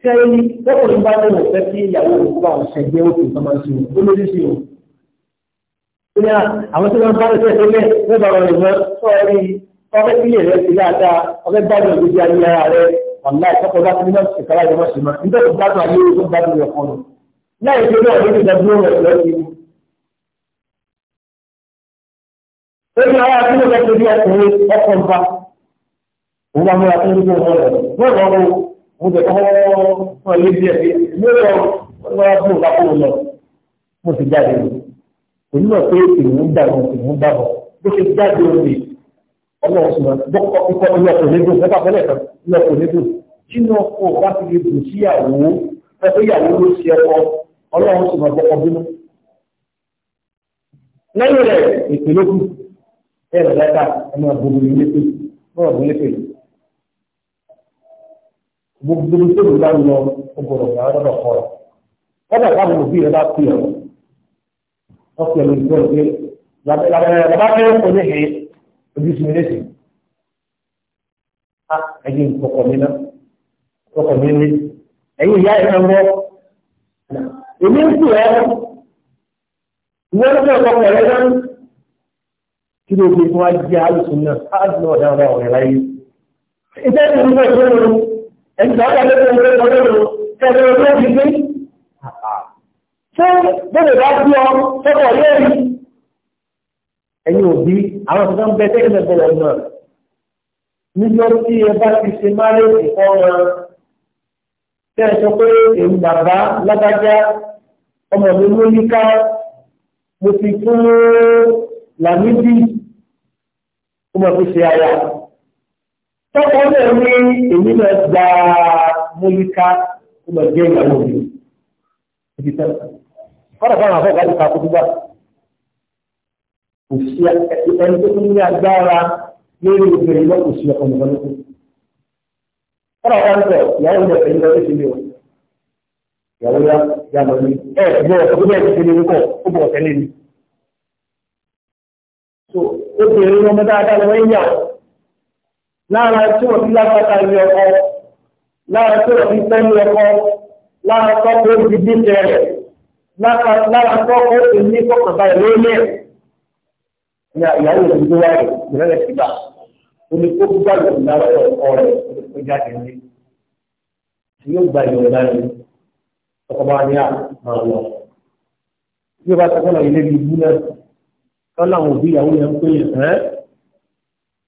sẹ́yìn lọ́kùnrin bá lóun fẹ́ kí ìyàwó òun bá òun ṣẹ̀gbẹ́ òkú tó máa ṣe ó lórí sí o. ó ní àwọn tí wọ́n bá lọ sí ẹ̀sẹ̀ lẹ́ lọ́ba ọ̀rọ̀ ìmọ̀ sọ́ọ̀rí ọ̀fẹ́ sí ilé rẹ̀ sí dáadáa ọ̀fẹ́ bá lọ gbogbo ayé ara rẹ̀ ọ̀la ìtọ́kọ̀ bá ti ní mọ́tò ìkàrà ìmọ̀ sí ma nígbà tó gbádùn ayé tó gbádùn rẹ̀ kan láì ṣe náà lórí ìdádúró rẹ̀ lọ́sí. ó ní àwọn akínyẹ̀kẹ́ tó bí ọkùnrin ọkọ̀ ń bá òun wá múra tó ń gbé wọn rẹ̀ wọ́n lọ́wọ́ mo bẹ̀ kọ́ fún ẹlẹ́ díẹ̀ pé mẹ́rọ wọ́n wá fún ìbáfún mi lọ mo ti jáde lọ èyí náà pé ìwọ̀n dàrú ìwọ̀n dàbọ̀ bó ṣe jáde lọ sí ọlọ́run sùn náà ikọ̀ ilé ọkọ̀ lẹ́dùn nípa fẹ́lẹ̀ kan ilé ọkọ̀ lẹ́dùn sínú ọkọ̀ bá ti lè dùn sí ìyàwó ẹgbẹ́ ìyàwó ló ṣe ọkọ̀ ọlọ́run sùn náà gbọ́kọ̀ bínú. lẹ́yìn rẹ̀ ìpínlẹ̀ kù ẹ̀rọ lẹ́ta ẹ̀mọ́ àbúrò ilé pé mọ́ àbúrò ilé pé yìí gbogbo tó lù bá lọ o gbọ́dọ̀ gbà á lọ́dọ̀ kọrọ kọdà káwọn òbí rẹ bá pè ọ wọn pè ọ lójú ọgbẹ bàbá kẹ oníhe ojú sí mi lẹsẹ a ẹyin kọkọ mi náà kọkọ mi ní ẹyin ìyá ẹ náà ń bọ̀ èmi ń pè ọ ìwé ọlọ́pàá ọkọ rẹ náà kí ló dé fún ajé alùpùpù náà á lọ dáadáa ọ̀rẹ́ láyé ìtẹ́sí ìlú bẹ́ẹ̀ tó lóru ẹgbẹ́ ọ̀pọ̀lọpọ̀ ẹgbẹ́ ọ̀pọ̀lọpọ̀ ẹgbẹ́ ọ̀pọ̀lọpọ̀ ṣé bẹ́ẹ̀ bá bí ọ sọ́kọ̀ lórí ẹ̀yin òbí àwọn tó ń bẹ tẹ́lẹ̀ bọ̀rọ̀ náà níjọ́ tí ẹ bá ti ṣe máa lè kọ́ wọn tẹ́ ẹ sọ pé èmi bàbá lágbájá ọmọ mi ló yí ká mo ti fún làmídì ó mọ̀ fi ṣe aya tọ́kọ náà ní èmi náà gba mólíká tó lọ jẹ́ ìyàwó mi ibi tẹ́lẹ̀ kọ́dà fún àwọn afẹ́gbà tó ta kókó gbà kò sí ẹni tó tún ní agbára lórí obìnrin náà kò sí ọkọ nìkan lóko kọ́dà fún àwọn afẹ́ ìyàwó mi ẹ̀fẹ̀ yìí lọ́wọ́ ìṣẹ̀lẹ̀ o ìyàwó yá yá lọ ní ẹ ẹgbẹ́ ọ̀sán tó bẹ́ẹ̀ ti ṣe lórí kọ́ ó bọ̀ ọ̀tẹ́lẹ̀ ni lára tí ò sí lápáta ilé ọkọ lára tí ò sí sẹ́nu ọkọ lára tọ́kọ̀ òbí dídẹ rẹ̀ lára tọ́kọ̀ òbí ní kọ̀kọ̀tà ìlóyè ní ìyàwó ìdílé wa rẹ̀ ìrẹ́lẹ̀ síbà omi tó gbàgbọ́ lára ọkọ rẹ̀ ó jáde ní tí yóò gba ìyọ̀dá rẹ̀ ọkọ̀ bá ní àmà lọ. bí o bá sọ fún ọ ilé ibi náà kọ́ láwọn òbí ìyàwó yẹn ń pè é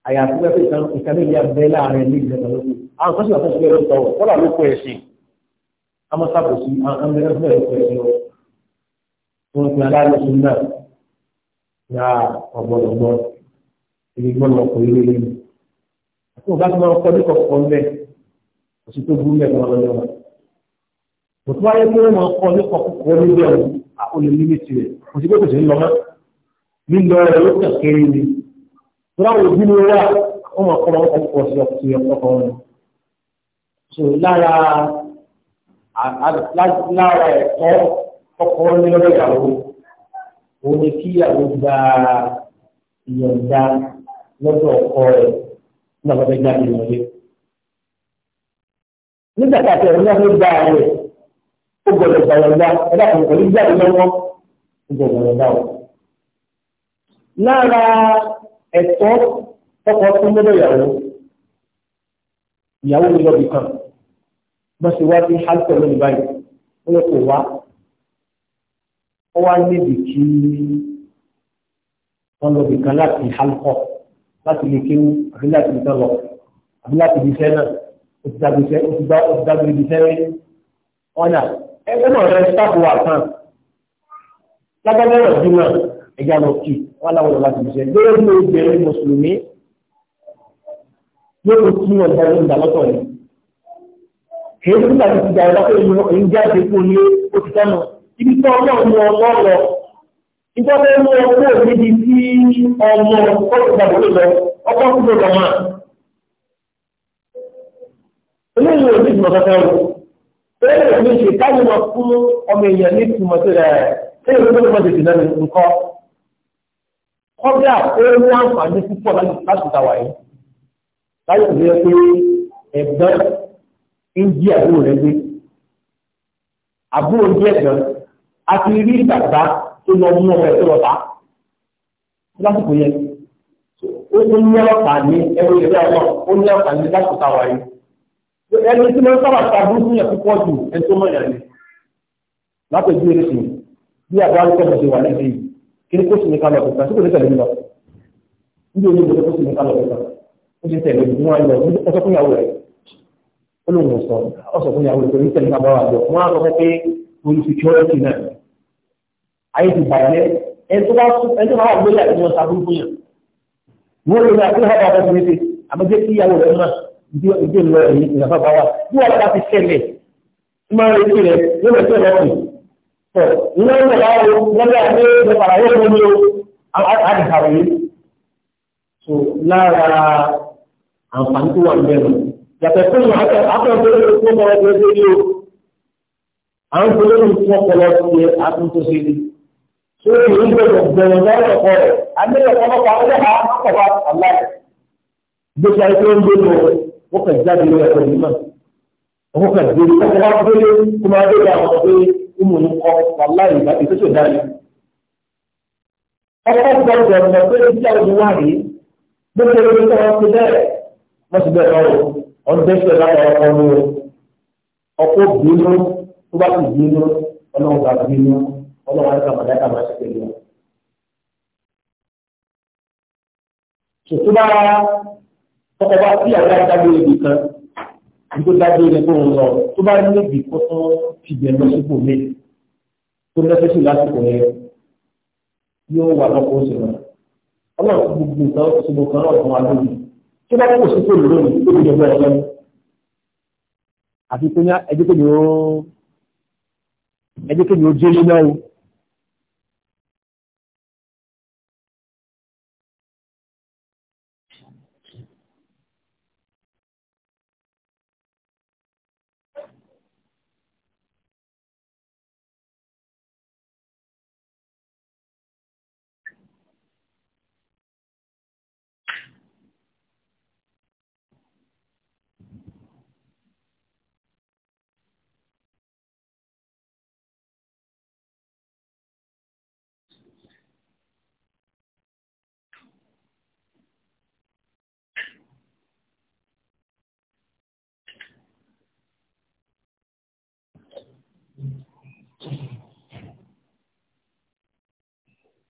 àyàfi wẹ́pẹ́ ìkàlẹ́ ìyá bẹ́ẹ̀ láàrin ní ìjọba lókè àwọn kan sì wà fún ìṣẹ́lẹ̀ lóòótọ́ kọ́là ló kọ ẹ̀sìn àmọ́ sàkóso àwọn ẹgbẹ́ fún ẹ̀kọ́ ẹ̀sìn lọ wọn fi aláàlú sí náà ya ọ̀gbọ̀dọ̀gbọ̀ ibi gbọ́n lọ kọ ilé lẹ́nu àti wọn bá ti máa kọ́ ní kọ̀ọ̀kọ́ ń bẹ̀ òsì tó burú mẹ́ta wọn lọ́wọ́ kò tó wáyé pé wọ́n láwọn òbí ni wá wọ́n máa kọ́ra ọkọ̀ pọ̀ sí ọkọ̀ sí ọkọ̀ wọn. so lára lára ẹ̀kọ́ ọkọ̀ ní lọ́dọ̀ ìyàwó òun ni kí ìyàwó gba ìyọ̀ǹda lọ́dọ̀ ọkọ rẹ̀ nígbà tó jáde wọlé. nígbà tá a tẹ̀lé náà ló gba ààrẹ ó gbọdọ̀ gba ìyọ̀ǹda ẹ̀dá kan kò ní jáde lọ́wọ́ ó gbọdọ̀ gba ìyọ̀ǹda o. lára ẹ̀tọ́ tọkọ tó lọ́dọ̀ ìyàwó ìyàwó mi lọ́bì kan bó ṣe wá sí hálítọ̀ lónìí báyìí ó lè kó wá ó wá níbi kí wọ́n lọ́bì kan láti hálítọ̀ láti lè kéwú àbí láti lè tán lọ àbí láti lè fẹ́ náà ó ti dàgbé ó ti dàgbé ibi fẹ́ ọ̀nà ẹgbẹ́ náà rẹ sáàbù wà kan lágbàdo náà bí náà ẹja lọ kí wọn láwọn ọba ti ṣe lórí ní obìnrin mùsùlùmí yóò tún ọ̀dà ní ìgbà lọ́tọ̀ yìí kìí fún ìgbà tí ìjà ìlọ́pọ̀ ìlú ọ̀yìn jẹ́ àdékù ní òtítọ́ nù ibi tó ọmọ ọmọ ọmọ lọ ìjọ tó mú ọkọ níbi tí ọmọ ọkọ ìgbàgbọ́ lọ ọkọ kúrò lọ máa eléyìí ò ní ìtumọ̀ kankan o eléyìí ò ní ṣe káyọ̀ fún ọmọ èèyàn ní ìtumọ̀ tó rẹ̀ ẹ̀ kọ́dà ó ní àǹfààní púpọ̀ láti tàwà yìí láyé òbí rẹ pé ẹ̀gbọ́n ń jí àbúrò rẹ gbé àbúrò ń jí ẹ̀gbọ́n àti rí ìgbàgbá tó lọ mú ọmọ ẹ̀tọ́ lọ́ta lásìkò yẹn ó ní àǹfààní ẹ̀rọ ìrẹ́ ọmọ ó ní àǹfààní láti tàwà yìí ẹni tí wọ́n sábà ta burúkú yẹn púpọ̀ jù ẹni tó mọ̀ yẹn ni látọ̀jú ẹni sìn bí àbúrò àti ọmọ ṣe wà lẹ́sẹ̀ yìí kí ni kóòtù mi ká lọ kẹta tí kò ní tẹ̀lé mi lọ níbi oní ìgbésẹ̀ kóòtù mi ká lọ kẹta ó ti tẹ̀lé mi wọn lọ ọsọ fún ìyàwó rẹ ó lóun ò sọ ọsọ fún ìyàwó rẹ pé nítorí náà bá wà lọ wọn á sọ pé olú security náà ayé ti bàjẹ́ ẹni tó bá wà lórí àti wọn sábú fún yàn wọn lè ní àkúrò àbá ọ̀dọ́ fúnmi àmọ́jẹ́ kí ìyàwó rẹ náà ìdí ìlọ ẹ̀yìn ìyàfà bá wà bí wọn bá ti tẹ̀lé tọ̀ ilé ìwé láwọn lọ́dọ̀ àti ìwé pàràwọ̀ tó ní o àdìsàrò yìí so lára àǹfààní tó wà nílẹ̀ rẹ̀ yàtọ̀ fún mi akọ̀ọ̀tọ̀ lórí tó mọ̀ ọ́ tó ní o à ń fi lórí tó ọpọlọ ti yẹ àtúntò sí i so èyí gbọdọ̀ bẹ̀rẹ̀ lọ́rọ̀ kọ rẹ̀ àgbẹ̀rẹ̀ kọ́kọ́ ọlọ́ ha kọ́kọ́ àlá gbèsè àyè tó ń gbé lọ ó kàn jáde lọ ẹ̀kọ́ yìí náà ó kàn gbé lọ ó kàn gbé lọ kó máa gbé lọ àwọn ọ̀gbẹ́ tí mo ń kọ́ wàhálà ìgbà tí tó dáa yìí. ọkọ̀ gbọ́dọ̀ lọ pé ibi àwọn wà rí bó ṣe lórí tó wọn ti bẹ́ẹ̀ wọ́n ti bẹ́ẹ̀ lọ́rùn ọ̀n dẹ́sẹ̀ láwọn ọkọ̀ ní o ọkọ̀ bínú tó bá ti bínú ọlọ́run bá bínú ọlọ́run á kàmàdá kàmàdá ṣe tòtúbà tọkọ bá sí àwọn adájọ́ ibì kan tó dájú ní kó ń lọ tó bá níbi kó tó tìbẹ̀ lọ sípò mi tó lẹ́sẹ̀ sí lásìkò yẹn yóò wà lọ́kọ̀ oṣù náà ọlọ́run tó gbogbo nǹkan ṣubú kan náà fún wa lónìí tó bá kó sípò lónìí tó lè bọ̀ ọ́ àti pé ní ẹjẹ́ kéde ó ẹjẹ́ kéde ó délé náà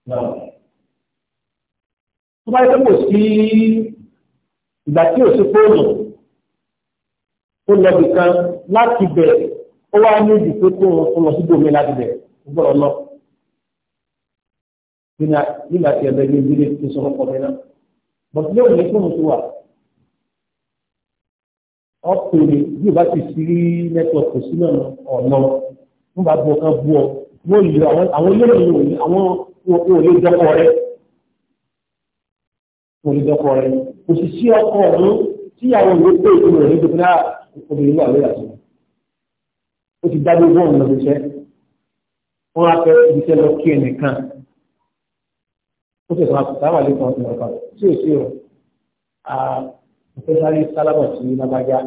tó bá yẹ kó sí ìgbà tí ò sí fóònù ó lọ bìkan láti bẹ̀rẹ̀ ó wá ní ìdí pé kó o lọ sí bòmí láti bẹ̀rẹ̀ gbọ́dọ̀ lọ nígbà tí ẹ̀bẹ̀ ní ìdílé tó sọ fún ọ̀bẹ náà bọ̀dé yóò ní fóònù tó wà ọ̀pọ̀ ni bí o ti sí nẹ́tíwọ̀kì sínú ọ̀nà wọ́n bá bu ọkàn bu ọ wọ́n lè àwọn olóyè yìí òní àwọn olè dọ́kọ rẹ olè dọ́kọ rẹ kò sì sí ọkọ ọ̀hún tí àwọn ìwé pé ìpinnu rẹ̀ níbi náà ah, obìnrin wà lóyà tó ó ti dá gbogbo ọ̀nà lọ́dún iṣẹ́ wọ́n á fẹ́ ibiṣẹ́ lọ kí ẹnìkan ó sì sọ àtàwọn àlékún ọ̀sìn ọ̀pá tí ò sí ọ̀ àpẹsàrí sálábà sí lágbájá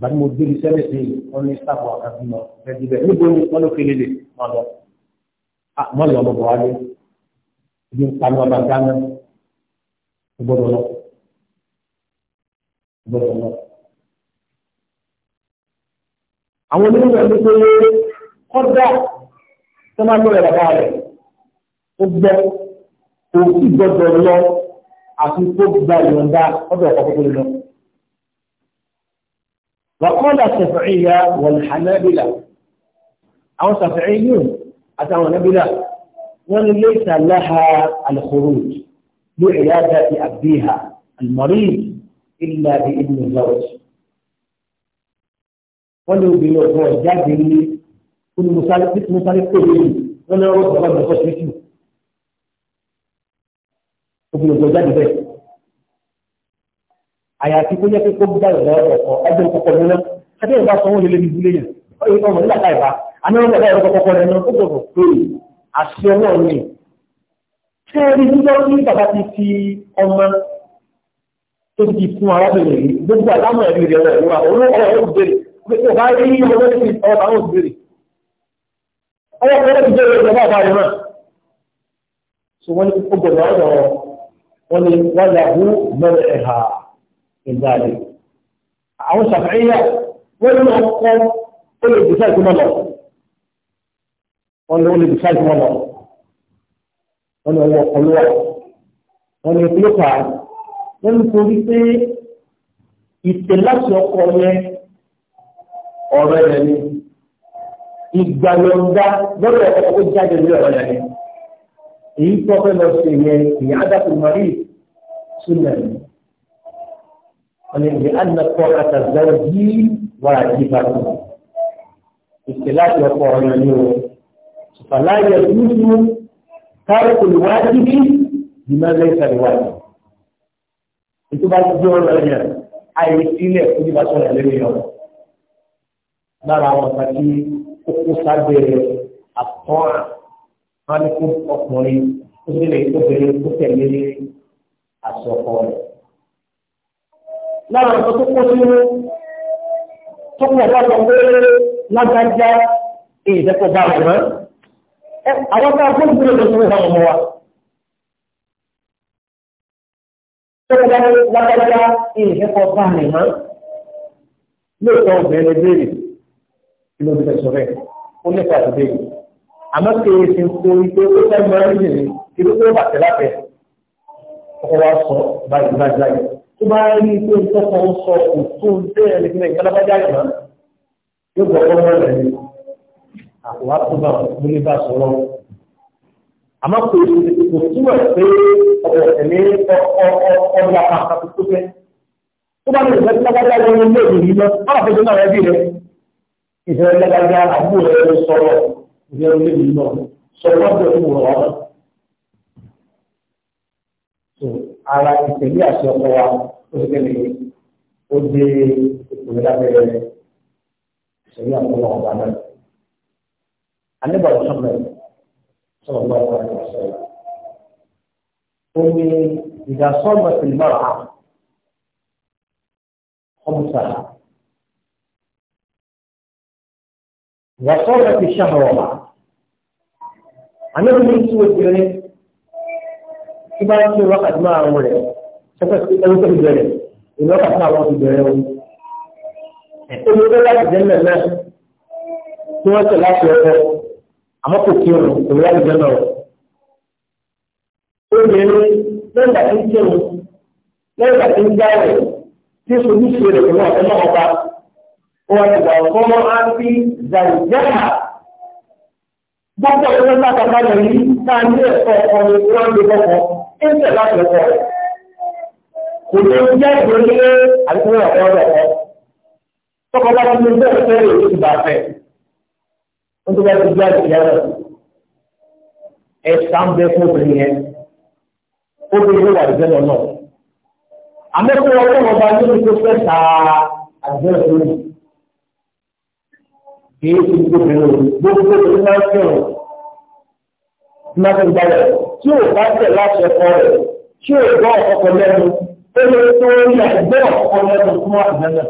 bani mo gbé sẹ́lẹ̀ sí i wọ́n ní sábà ọ̀kan bí mọ̀ fẹ́ di bẹ́ẹ̀ níbo ni wọ́n ló kele lè mọ̀ lọ. mọ̀ lọ ọmọ bọ̀wá lé ibi ń panu ọba dáná gbọ́dọ̀ lọ gbọ́dọ̀ lọ. àwọn onímọ̀ ẹni pé kọ́dà tó máa lọ ẹ̀rọ rẹ̀ ó gbọ́ kò sí gbọ́dọ̀ lọ àti kó gba ìyọ̀ǹda ọ̀dọ̀ ọ̀kọ́ kókó lọ. وقال الشافعية والحنابلة أو الشافعيون أتوا نبلة وليس لها الخروج لعيادة أبيها المريض إلا بإذن الزوج ولو بيوتو جابني كل مسالك مسالك كبير ولا رد غد خشيته وبيوتو جابني àyàfi kó jẹ́ pé kó gbá ìlọ ọ̀pọ̀ ẹgbẹ́ òkòkò lọ́nà ẹgbẹ́ ìgbà sanwó lè lébi ìdílé yẹn ọmọ nígbà tá ìbá àmì ọmọ ìgbà ìrọ̀ kọ̀kọ̀ rẹ̀ náà ó gbọ̀gbọ̀ pé àṣẹ ọmọ mi ṣé rí nígbà tí bàbá ti fi ọmọ tó ti fún arábìnrin yìí gbogbo àlámọ̀ ẹ̀rí rẹ̀ rẹ̀ lọ́wọ́ òun ọ̀rọ̀ ẹ̀ òbèrè kò bá rí ọmọ ní ọ̀rọ̀ ọ̀rọ̀ ọ̀rọ̀ wọn ذلك àwọn ṣàfihàn wọ́n ló máa kọ́ ó lè bùsà ìgbìmọ̀ lọ wọ́n lè wọ́n lè bùsà ìgbìmọ̀ lọ wọ́n lè wọ́n kọ́ lọ́wọ́ wọ́n lè kúló pa wọ́n lè torí pé ìtẹ̀láṣẹ ọkọ yẹn ọ̀rẹ́ rẹ̀ ni ìgbàlódà lọ́dọ̀ ọkọ̀ jáde ní ọ̀rẹ́ rẹ̀ ni èyí tó fẹ́ lọ sí yẹn ìyá adákùnrin marie sílẹ̀ ولأن طاعة الزوج واجبة اختلاف القرآن فلا يجوز ترك الواجب بما ليس بواجب ètò bá ti jẹ́ ọ̀rọ̀ ẹ̀yà àìrí sílẹ̀ tó ní bá sọ̀rọ̀ lórí ọ̀rọ̀ lára àwọn ọ̀sán tí ó kó sábẹ́ àtọ́ra wọn ni fún ọkùnrin ó sì lè tó bẹ̀rẹ̀ tó tẹ̀lé àsọkọ lára ọ̀sán tó kó sínú tó kún ọ̀pá sọ pé lágbájá ìdẹ́kọ̀ bá rẹ̀ mọ́. Àwọn tá a fún ìgbìmọ̀ tó sínú ìhàn ọmọ wa. Tó kún lágbájá ìdẹ́kọ̀ bá rẹ̀ mọ́. Lóòótọ́ obìnrin lè béèrè ló ń tẹ̀sọ̀ rẹ̀ ó nípa àtúndéyìí. Àmọ́ kìí ṣe ń kó ipé ó fẹ́ mọ ẹ́ńjìnì kí ló tó bàtẹ́ lápẹ̀. Ọkọ̀ wa sọ báyìí báyìí báyìí tó bá rí pé nǹkan kan ń sọ kò tó ń tẹ́ ẹni fún ẹ̀yìn alábájá yàrá yóò gbọ́ ọmọ rẹ̀ ni àkùwá tó bá mo lè bá sọ̀rọ̀ àmọ́ kò kò túmọ̀ pé ọ̀rọ̀ ẹ̀mí ọ̀la pàtàkì tó fẹ́ tó bá lè fẹ́ tí lágbájá lọ ní ilé ìrìn lọ má bàa fẹ́jọ́ náà rẹ bí rẹ ìfẹ́ lágbájá àbúrò rẹ sọ̀rọ̀ ìfẹ́ ilé ìrìn lọ sọ̀rọ̀ bẹ́ẹ̀ fún ọ̀rọ̀ ara ìtẹ̀lé àti ọkọ wa ó ti kẹ́lẹ̀ ó dé ìpòlẹ̀ lábẹ́rẹ́ ìṣẹ̀lẹ̀ àkọlọ ọ̀gá náà. Aníbàdàn sọ̀rọ̀ sọ̀rọ̀ lọ́wọ́ ọ̀gá náà sọ̀rọ̀. Ó ní ìdásọ́nà ìmọ̀ràn á ọmọọ̀sà. Wàsọ́nà ti ṣàhọ̀rọ̀ wa. Àníbàdàn ní ìṣòwò ìbílẹ̀ tí bá ń ṣe wákàtí máa ń rẹ̀ ṣẹ́fẹ́ sí ẹni tó ti bẹ̀rẹ̀ ìlú wákàtí máa wọ́n ti bẹ̀rẹ̀ o. Èmi tó láti jẹ́nà náà tí wọ́n tẹ̀ láti ọkọ̀ àmọ́ kò kí òun kò láti jẹ́nà o. Ó lè ní lẹ́yìn ìgbà ń kí tí ó sojú ṣe rẹ̀ pẹ̀lú ọ̀tẹ́ náà ọba. Ó ti gbà ọ̀fọ́ á ń fi zàìjẹ́hà gbogbo ìwé látàkà lè rí náà ní ẹ̀kọ́ ọmọ ìwé ń lè lọ́kọ̀ ń tẹ̀ láti ẹ̀kọ́ rẹ̀. Kò ní jẹ́ ìwé àdúgbò ẹ̀kọ́ lọ́kọ̀. Tọ́kọ bá ti ní bẹ́ẹ̀ fẹ́ lè ti bà fẹ́. Ó tó bá ti jẹ́ ìyá rẹ̀. Ẹ sá ń bẹ fún obìnrin yẹn. Obìnrin wà ìgbẹ́ lọ náà. Àmọ́ fún ọkọ̀ ọba ní ìgbésẹ̀ ta àdúgbò ẹ̀kọ́ kìí ṣe gbogbo bẹ̀rẹ̀ òní gbogbo bẹ̀rẹ̀ máa ń kẹrùn máa ń gbalẹ̀ tí ò bá tẹ̀ láti ẹ̀kọ́ rẹ̀ tí ò gbọ́ ọ̀kọ̀kọ̀ lẹ́nu ó lè tó rí àgbẹ̀ ọ̀kọ̀kọ̀ lẹ́nu fún àgbẹ̀nà.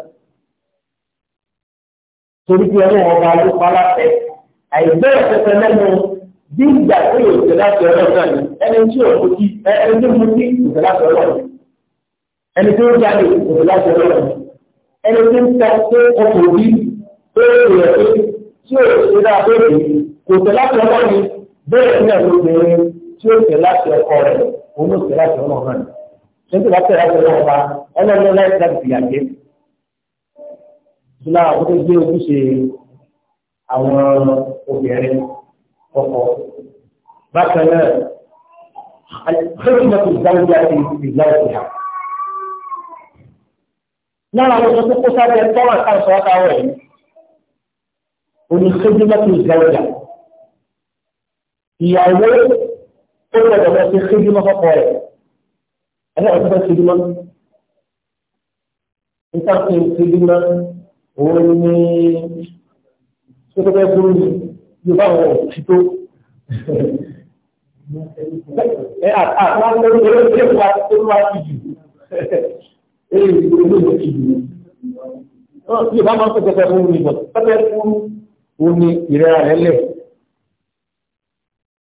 torí pé ẹni wọn bá ló pa láṣẹ àìgbẹ́ ọ̀kọ̀kọ̀ lẹ́nu bí ìgbà tó yóò tẹ̀ láti ọlọ́run náà ni ẹni tí ò mutí ẹni tí mutí kò tẹ̀ láti ọlọ́run ẹni tí ó jáde kò tẹ̀ láti ọlọ́run ẹni tí ń ta tó ọkọ̀ tó rẹ̀ pé tí ó ṣe dáa tó rè kò tẹ̀ láti ọkọ ni bẹ́ẹ̀ ní ẹ̀rọ obìnrin tí ó tẹ̀ láti ọkọ rẹ̀ òun ó tẹ̀ láti ọmọ náà ni. ṣé tí wàá tẹ̀ láti ọmọ wa ọlọ́run láti láti fìyà jẹ. ìṣúná àwọn tó gbé ojúṣe àwọn obìnrin ọkọ. bákan náà alẹ́kùnrin tó dáwọ́jà ti ìgbà òkè hàn. lára àwọn tó kó sábẹ́ tọ́wọ́ àtàwọn sọ̀rọ̀ oníkéjìmọ́tò ìgbàlódà ìyàwó ó gbọdọ̀ lọ sí kéjìmọ́ kọ́kọ́ rẹ̀ ẹlẹ́wọ̀n tó fẹ́ kéjìmọ́ nípa pé kéjìmọ́ òun ní sókòtò ẹgbẹ́ mi yóò bá wọn ti tó. ẹ àtàwọn ọmọ ẹgbẹ́ mi wá tó wá ti jù ee ìgbìmọ̀ ti jù. yóò bá wọn sọ̀tẹ̀ fún mi bọ̀ sọ̀tẹ̀ fún mi ó ní ìrẹ́ra rẹ̀ lẹ̀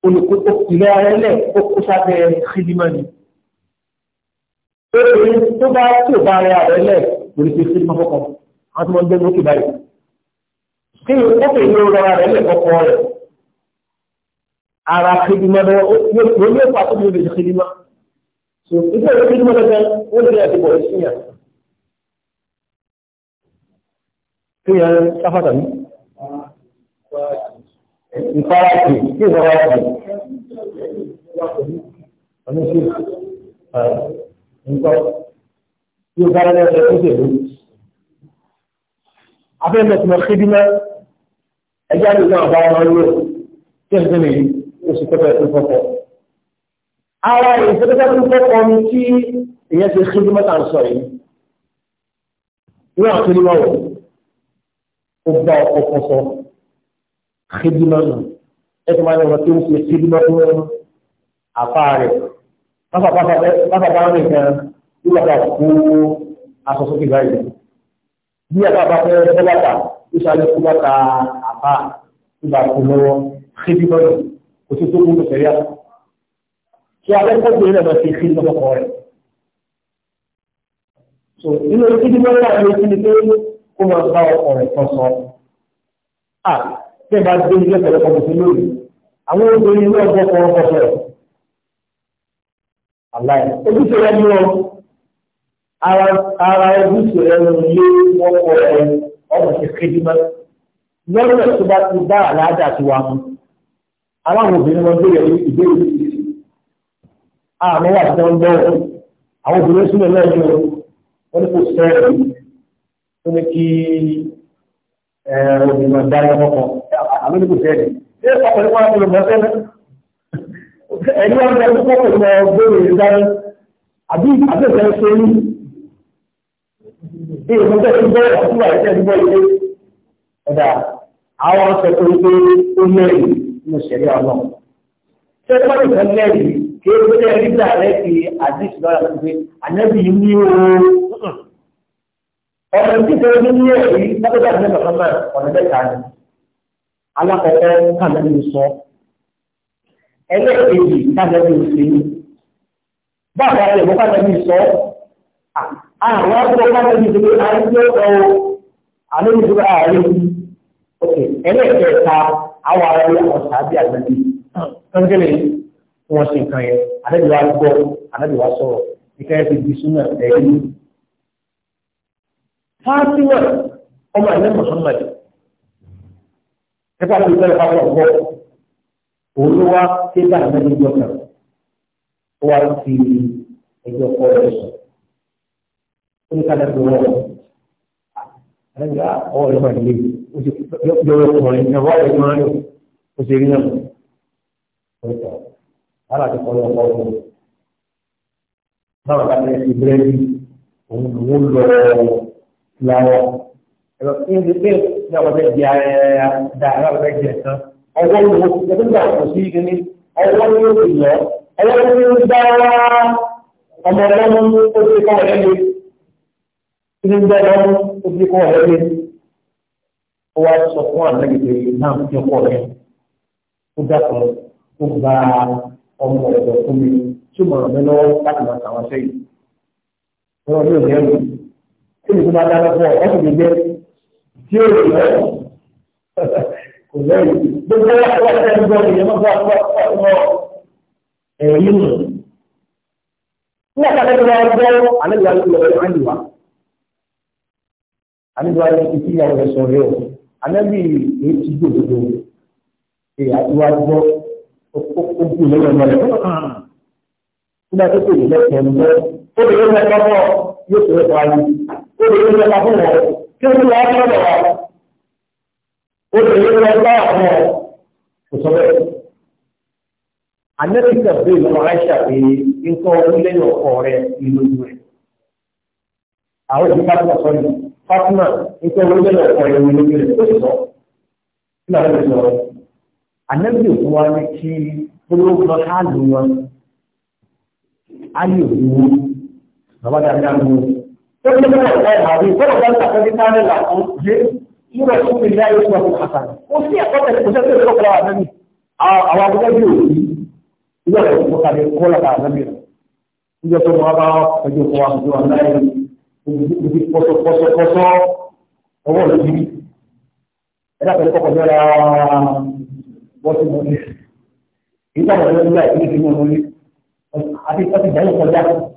olùkókó ìrẹ́ra rẹ̀ lẹ̀ ó kó sábẹ́ xidimani obìnrin tó bá tí ò bá rẹ̀ rẹ̀ lẹ̀ lórí ti xidimá fọkàn àwọn tó máa ń gbé lókè báyìí kí ni ọkọ̀ ìlú rẹ̀ rẹ̀ lẹ̀ kọ́kọ́ rẹ̀ ara xidimá lọ yóò yóò fà tó bí o lè xidimá so ìgbà yóò xidimá lọ gan ó lè àti bọ̀ ẹ̀ sí yàn. Kéèyàn sáfàtà mi ìfarajì kí ìrora oníṣẹ́ nǹkan tí ó bára lẹ́yìn ẹ̀kọ́ ìṣèlú. Abẹ́rẹ́ mẹ́tìmọ̀ kédìmọ́ ẹjẹ́ àti àbá wọn lò kí ẹ̀sìn lè oṣù pẹ́pẹ́ tó fọ́pọ̀. Ara ìfẹ́pẹ́pẹ́ tó fọ́pọ̀ ni tí ìyẹn ti kédìmọ́ tà ń sọ yìí. Ìwé àti ìwà wò ó gba ọ̀pọ̀ sọ xidima nù ẹtù máa ń yọrọ tó ń ṣe xidima tó ń afa rẹ bàbá bàbá bàbá bàbá mi kan bí bàbá kú asọsọ ti bá yìí bí bàbá bá fẹ́ fẹ́ bàtà bí sáré kú bàtà afa bí bàbá kú lọ́wọ́ xidima nù kò tó tó kúndùn sẹ́yà kí abẹ́kọ̀ọ́ tó yẹ lọ́wọ́ ṣe xidima kọ̀ rẹ̀ so nínú xidima náà ló ti ní pé kó máa bá ọkọ̀ rẹ̀ kọ́ sọ. Ah, bẹ́ẹ̀ bá dé ilé ọ̀pọ̀lọpọ̀ mùsùlùmí lónìí àwọn obìnrin ilé ọgbọ́n kan aláì ojúṣe rẹ ọ ara ojúṣe rẹ ní ilé a rẹ ọmọ ṣe kéjì mọ́ lọ́rọ̀ tó bá ti bá ti wà mú aláwọn obìnrin wọn àmọ́ wà ń àwọn obìnrin sílẹ̀ náà wọ́n kò sẹ́ẹ̀rì ó ní kí dáná mọ́kàn àmì ní kò sẹ́ẹ̀dì ṣé ọkùnrin wọn kò lè mọ sẹ́ẹ̀dì ẹni wọn bẹ kó kò lè mọ gbóòrò ìdáná àbí àtẹ̀sẹ̀ ṣe ní bí ìmọ̀tẹ́ ti bẹ́ẹ̀ ọ̀tún àti ẹ̀dúgbọ́ ilé ọ̀dà àwọn ọ̀sẹ̀ tó ń pé ó mẹ́rin ní ìṣẹ̀lẹ̀ ọ̀nà ṣé pọ́lì kan mẹ́rin kí ó gbé nígbà rẹ̀ fi àdìsí lọ́la tó gbé ànẹ́bí ní o ọ̀rọ̀ tí kò ní ọ̀nà mẹ́ta ni alákọ̀ọ́kọ́ kàlẹ́bí sọ ẹlẹ́ẹ̀kejì kàlẹ́bí sí báwo la lè kàlẹ́bí sọ àwọn akọ̀ọ́ kàlẹ́bí sí pé a ń gbé ọ àlejò tó bá àárín ok ẹlẹ́ẹ̀kẹta àwọn ará ilé ọ̀sán àbí àgbẹ̀bí kankele wọn ṣe nǹkan yẹn àlejò wa gbọ́ àlejò wa sọ̀rọ̀ ìkẹyẹ ti di súnmọ́ ẹ̀yìn. fásiwọ̀n ọmọ ẹ̀lẹ́ Muhammad nípa tó tẹ́lẹ̀ pápá ọ̀gbọ́ òun ló wá ké bá àná ní ìjọ kan ó wá fi ẹjọ́ kọ́ ẹ̀ sọ ó ní kálẹ̀ tó wọ̀ àlejò ọwọ́ rẹ̀ máa lé o ti ọkùnrin ní ọwọ́ rẹ̀ máa ó ti rí náà ó sọ wàhálà kọ́ lọ́wọ́ ọkùnrin náà bá tẹ̀lé ti bírẹ́dì òun lòún ẹ̀rọ ìdí pé ní ọ̀pọ̀lọpọ̀ di àdáyà ọ̀pọ̀lọpọ̀ ndị ẹ̀sán ọwọ́ ni mo ti gbà kò sí igi ní ọwọ́ ni mo ti lọ ọwọ́ ni mo ti ọmọ ọlọ́mú ó kọ́ ọ̀rẹ́ mi kí ni kọ́ ọ̀rẹ́ mi ó wá sọ fún àlẹ́gbẹ̀ẹ́ náà ó dàpọ̀ ó gba ọmọ ọ̀dọ̀ fún mi tí mo mí lọ́wọ́ láti máa tàwọn sẹ́yìn. ẹ̀rù kí ni tí ó lè lẹ́yìn kò lẹ́yìn gbogbo ọ̀pọ̀lọpọ̀ ẹgbẹ́ ìyẹn máa bá ọ̀pọ̀lọpọ̀ ẹ̀rí nù. Nígbà tí a lè gbọ́ àlejò àlejò ọ̀rẹ́ kí ó wá sọ̀rọ̀ wa ó lè yẹ lọ bá àwọn òṣèré anẹ́tìkà bíi lọ́wọ́ aṣà pé nǹkan orílẹ̀ ọkọ rẹ ìlú rẹ̀ àwọn ìdí Fatima sọ́ni Fatima nǹkan orílẹ̀ ọkọ rẹ ìlú rẹ̀ ó sì sọ kí lóò rẹ̀ sọ̀rọ̀ anẹ́tìkà fún wa ní kí gbogbo ká lù wọn á lè wú bàbá dáadáa mú un. كل من الغير هذه كل ذلك الذي كان لكم يرسول الله يسوع الحسن وفي قتل وجدت الأخرى أمامي أو أبو جدي إذا مقابل كل هذا أمامي إذا ثم هذا فجوا قوام جوا الله يجي قصو قصو قصو هو الذي إذا كان يقول جرا بس مولي إذا ما يقول لا يجي مولي أبي أبي جاي كذا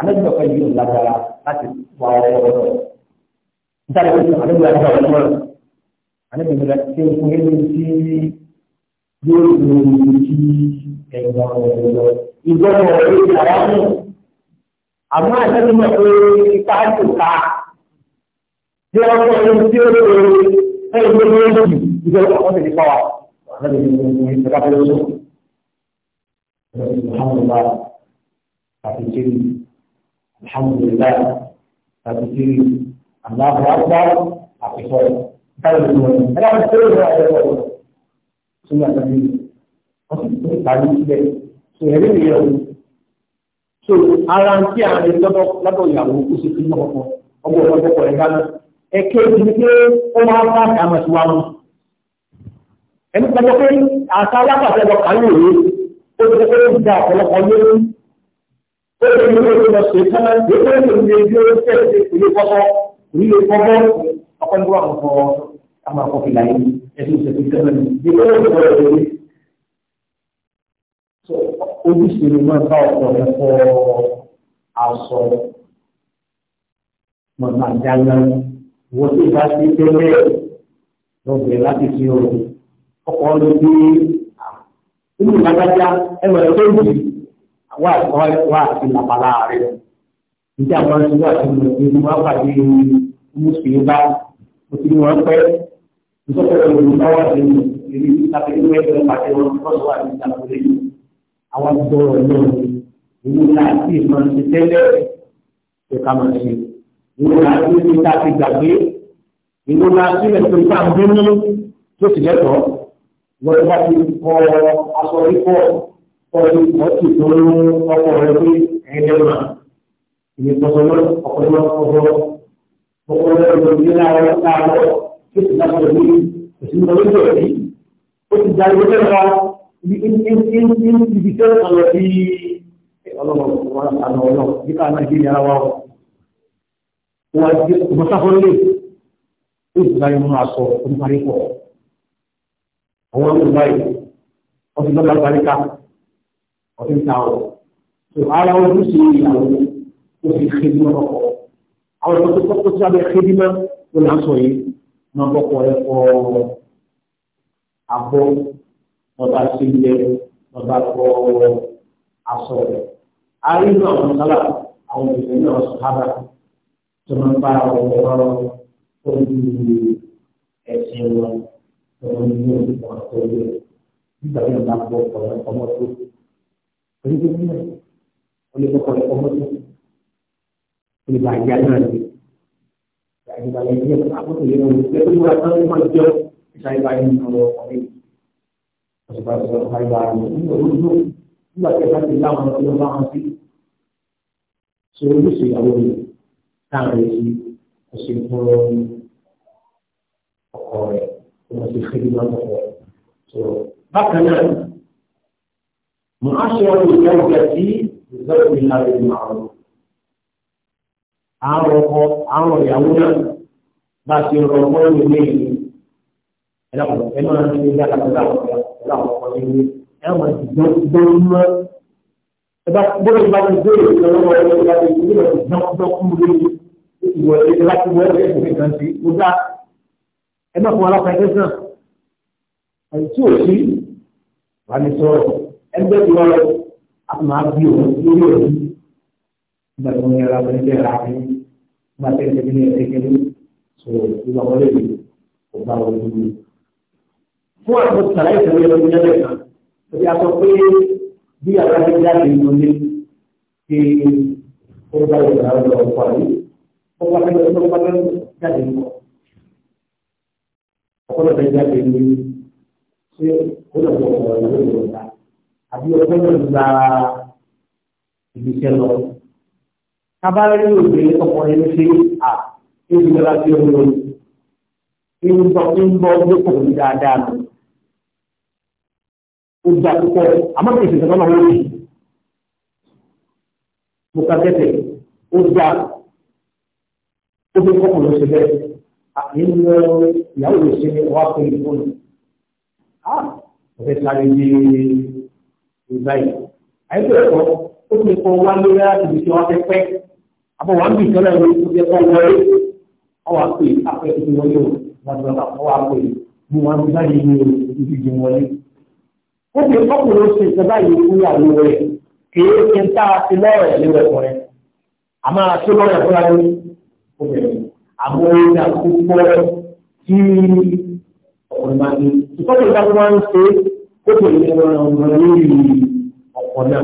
anájọ kan yìí ò lágbára láti wà ọ̀rọ̀ ọ̀rọ̀ nítorí pé anájọ yà nígbà wọlé mọ́rọ̀ anájọ ṣe ń fún ẹni tí yóò lo ojú ẹ̀gbọ́n ọ̀rọ̀ lọ ìgbọ́n ọ̀rọ̀ yóò di àwọn mú àmọ́ àtẹ́tí pé ká tó ká bí wọ́n kọ́ ẹni tí ó lè ẹni tó lò ìgbọ́n ọ̀rọ̀ ti di pọ̀ wà anájọ yà alhamdulilayi tàbí aláàbò àgbà àkùsọ táwọn ìlú wọn ẹ dáhùn tó lè wá ẹgbẹ́ wọn sínú àtàkì wọn sì tún ìparí sílẹ̀ tó ẹrí mi yẹn tó ara ń tí àárín lọ́dọ̀ lọ́dọ̀ ìyàwó kó sì fi lọ́wọ́ fún ọgbọ́n ọgbọ́n ọkọ̀ rẹ̀ dáná ẹ̀kẹ́ ìdílé pé ó wa mú ẹni pẹ̀lú pé àṣà wákàtí ẹ̀rọ kàlù rèé ó ti pẹ́ pé ó ti da ọ̀pọ̀lọpọ̀ lórí ó lè ní oṣù lọ sí ìtàn ìgbésẹ̀ ìlú ní ojú oṣù tẹ̀sí ìlú kọ́kọ́ ìlú kọ́kọ́ ọkọ̀ ní wà kọ́kọ́ àwọn akọ́kọ́ ìlànà ẹ̀sùn ìṣẹ̀tì sẹ́wọ̀n ní ìgbésẹ̀ ìlú kọ́kọ́ ìlú ojúṣe ni máa bá ọ̀pọ̀ ẹ̀kọ́ aṣọ màmá dáná wọ́n ti bá sí tẹ́lẹ̀ lọ́bẹ̀rẹ̀ láti fi ọ̀rọ̀ ọkọ̀ ọ̀rọ̀ bí inú ìlànà ẹ̀wọ̀n ẹ̀kọ́ ìlú wà wà sí làpàlà rẹ̀. Ìjà máa ń ṣe wà sí ìrìnàjò ní wọ́n pàdé mùsùlùmí bá òsì wọn pẹ́. Ìjọba ìlú lọ́wọ́ sí ìlú ìtàkùn ìlú ẹgbẹ̀rún pàdé wọn lọ́sọ̀ wà ní ìtàkùn lẹ́yìn. Àwọn gbọ́rọ̀ náà ìlú láti máa ń ṣe tẹ́lẹ̀ ìka máa ṣe. Ìlú láti ní ta ti gbàgbé. Ìlú láti lè fi ìgbà ń bínú tó lẹ́tọ̀ọ́. Ìwọ́n pọ̀jù ọtí tó ń mú ọkọ̀ rẹ̀ pé ẹ̀ẹ́dẹ́gbà ìyẹ̀pọ̀sọ̀lọ́ ọ̀pọ̀lọ́ ọ̀pọ̀lọ́ ọ̀pọ̀lọ́ ìgbòmí láàárọ̀ láàárọ̀ tó ti dábọ̀ ní òsínbọ̀ lójú ẹ̀rí ó ti darí ó lẹ́wà ní ibi tẹ́ ọ̀rọ̀ sí ọlọ́mọ̀ọ́n àná ọ̀nà nípa nàìjíríà wa ó wá sí mọ́sáfọ́lé ó ti darí mú aṣọ oníparí pọ̀ àwọn ọmọ ìgbà yìí wọ́n ti lọ́ọ́ ọdún ta ọ tó ara ọdún sí ìyàwó ó fi xebi mọ ọkọ àwọn ọdún tó kọ́kọ́ tí a bẹ xebi mọ ó là ń sọ yìí má bọkọ ẹ kọ abọ ọba sílẹ̀ ọba kọ aṣọ rẹ ayé náà wọn sábà àwọn òṣèlú náà sábà tó máa ń bá ọ̀rọ̀ ojú ẹsẹ̀ wọn tó ń mú ọ̀rọ̀ yẹ nígbà tí wọn bá gbọ́ ọ̀rọ̀ ọmọ tó kù. Berikutnya, oleh kepada umat ini lagi nanti. Dan ini bahagian aku tuh yang dia tuh buat kalau kerja saya lain kalau kami sebab sebab hari baru ini untuk buat kita bilang untuk Allah nanti solusi awal dari kesimpulan pokoknya masih khidmat pokoknya. So, bagaimana معاشرة الزوجة زوجها بالمعروف àwọn ọkọ àwọn ìyàwó náà bá ti rọ mọ́ ní ilé yìí ẹlọ́pàá ẹ máa ń ṣe dáadáa pẹ̀lú àwọn ọkọ nílé ẹ máa ti dán dán mọ́ ẹ bá gbọ́dọ̀ bá ti gbé ìlú lọ́wọ́ ẹ bá ti gbé ìlú dán dán kú lé ìwọ ẹ bá ti wọ ẹ kò fi kàn sí mo dá ẹ má fún alápá ẹgbẹ́ náà àti tí ò sí wà ní sọ̀rọ̀ ẹgbẹ́ tí wọ́n á máa bí òun lórí òun nígbà tí wọ́n yẹra wọn ẹgbẹ́ ra ní nígbà tí ẹgbẹ́ ní ẹgbẹ́ kẹ́lẹ́ sọ ìgbà wọlé mi kò bá wọn dúró. fún àwọn sàrà ìṣẹ̀lẹ̀ ẹgbẹ́ ní ẹgbẹ́ kan òbí a sọ pé bí àgbàdo jáde ló ní ṣe ó bá ìgbà lọ ọkọ àlè ó bá fẹ́ lọ bá fẹ́ jáde lọ ọkọ lọ fẹ́ jáde ló ní ṣé ó lọ bọ̀ ọ̀rọ̀ ló ń lọ ta àbí ọjọ́ náà gba ìgbésẹ̀ lọ. Kábàárì òde ọkùnrin ló ṣe à ébi lọ́la tí ó ń lò ní ń bọ́ ń bọ́ lóko ní dáadáa lọ. Ó gba púpọ̀ àmọ́ kìí ṣètò náà wọ́n yìí. Mo ka tẹ́tẹ̀ ó gba ó fi kọ́kùn ló ṣe bẹ́ẹ̀. Àyìn lọ ìyàwó lè wá pé ìfọ́nù. Ọ̀fẹ́ sáré di ìgbà yìí àyẹ̀kọ́ ẹ̀kọ́ ó ti kọ́ wá lórí láti fi wá pẹ́pẹ́ àbọ̀ wá ń bì sọ́nà ìwé tó jẹ́ kọ́ wọlé ọwọ́ àpè àpè tó ti wọlé o wọ́n ti wọ́n ọwọ́ àpè mú wọn bí báyìí ní ibi ìdí wọlé. ó ti ọkùnrin ó ṣe ìjọba yìí fún ìyàwó rẹ̀ kìí ṣe ń tá a ti lọ́rọ̀ ẹ̀ lérò ẹ̀kọ́ rẹ̀ àmọ́ àti lọ́rọ̀ ẹ̀kọ́ rẹ̀ ní obìnrin àmọ́ orí àkókò tí ọkùnrin máa ń ṣe ó kò lè rọra ọ̀rọ̀ lórí ọ̀pọ̀ náà.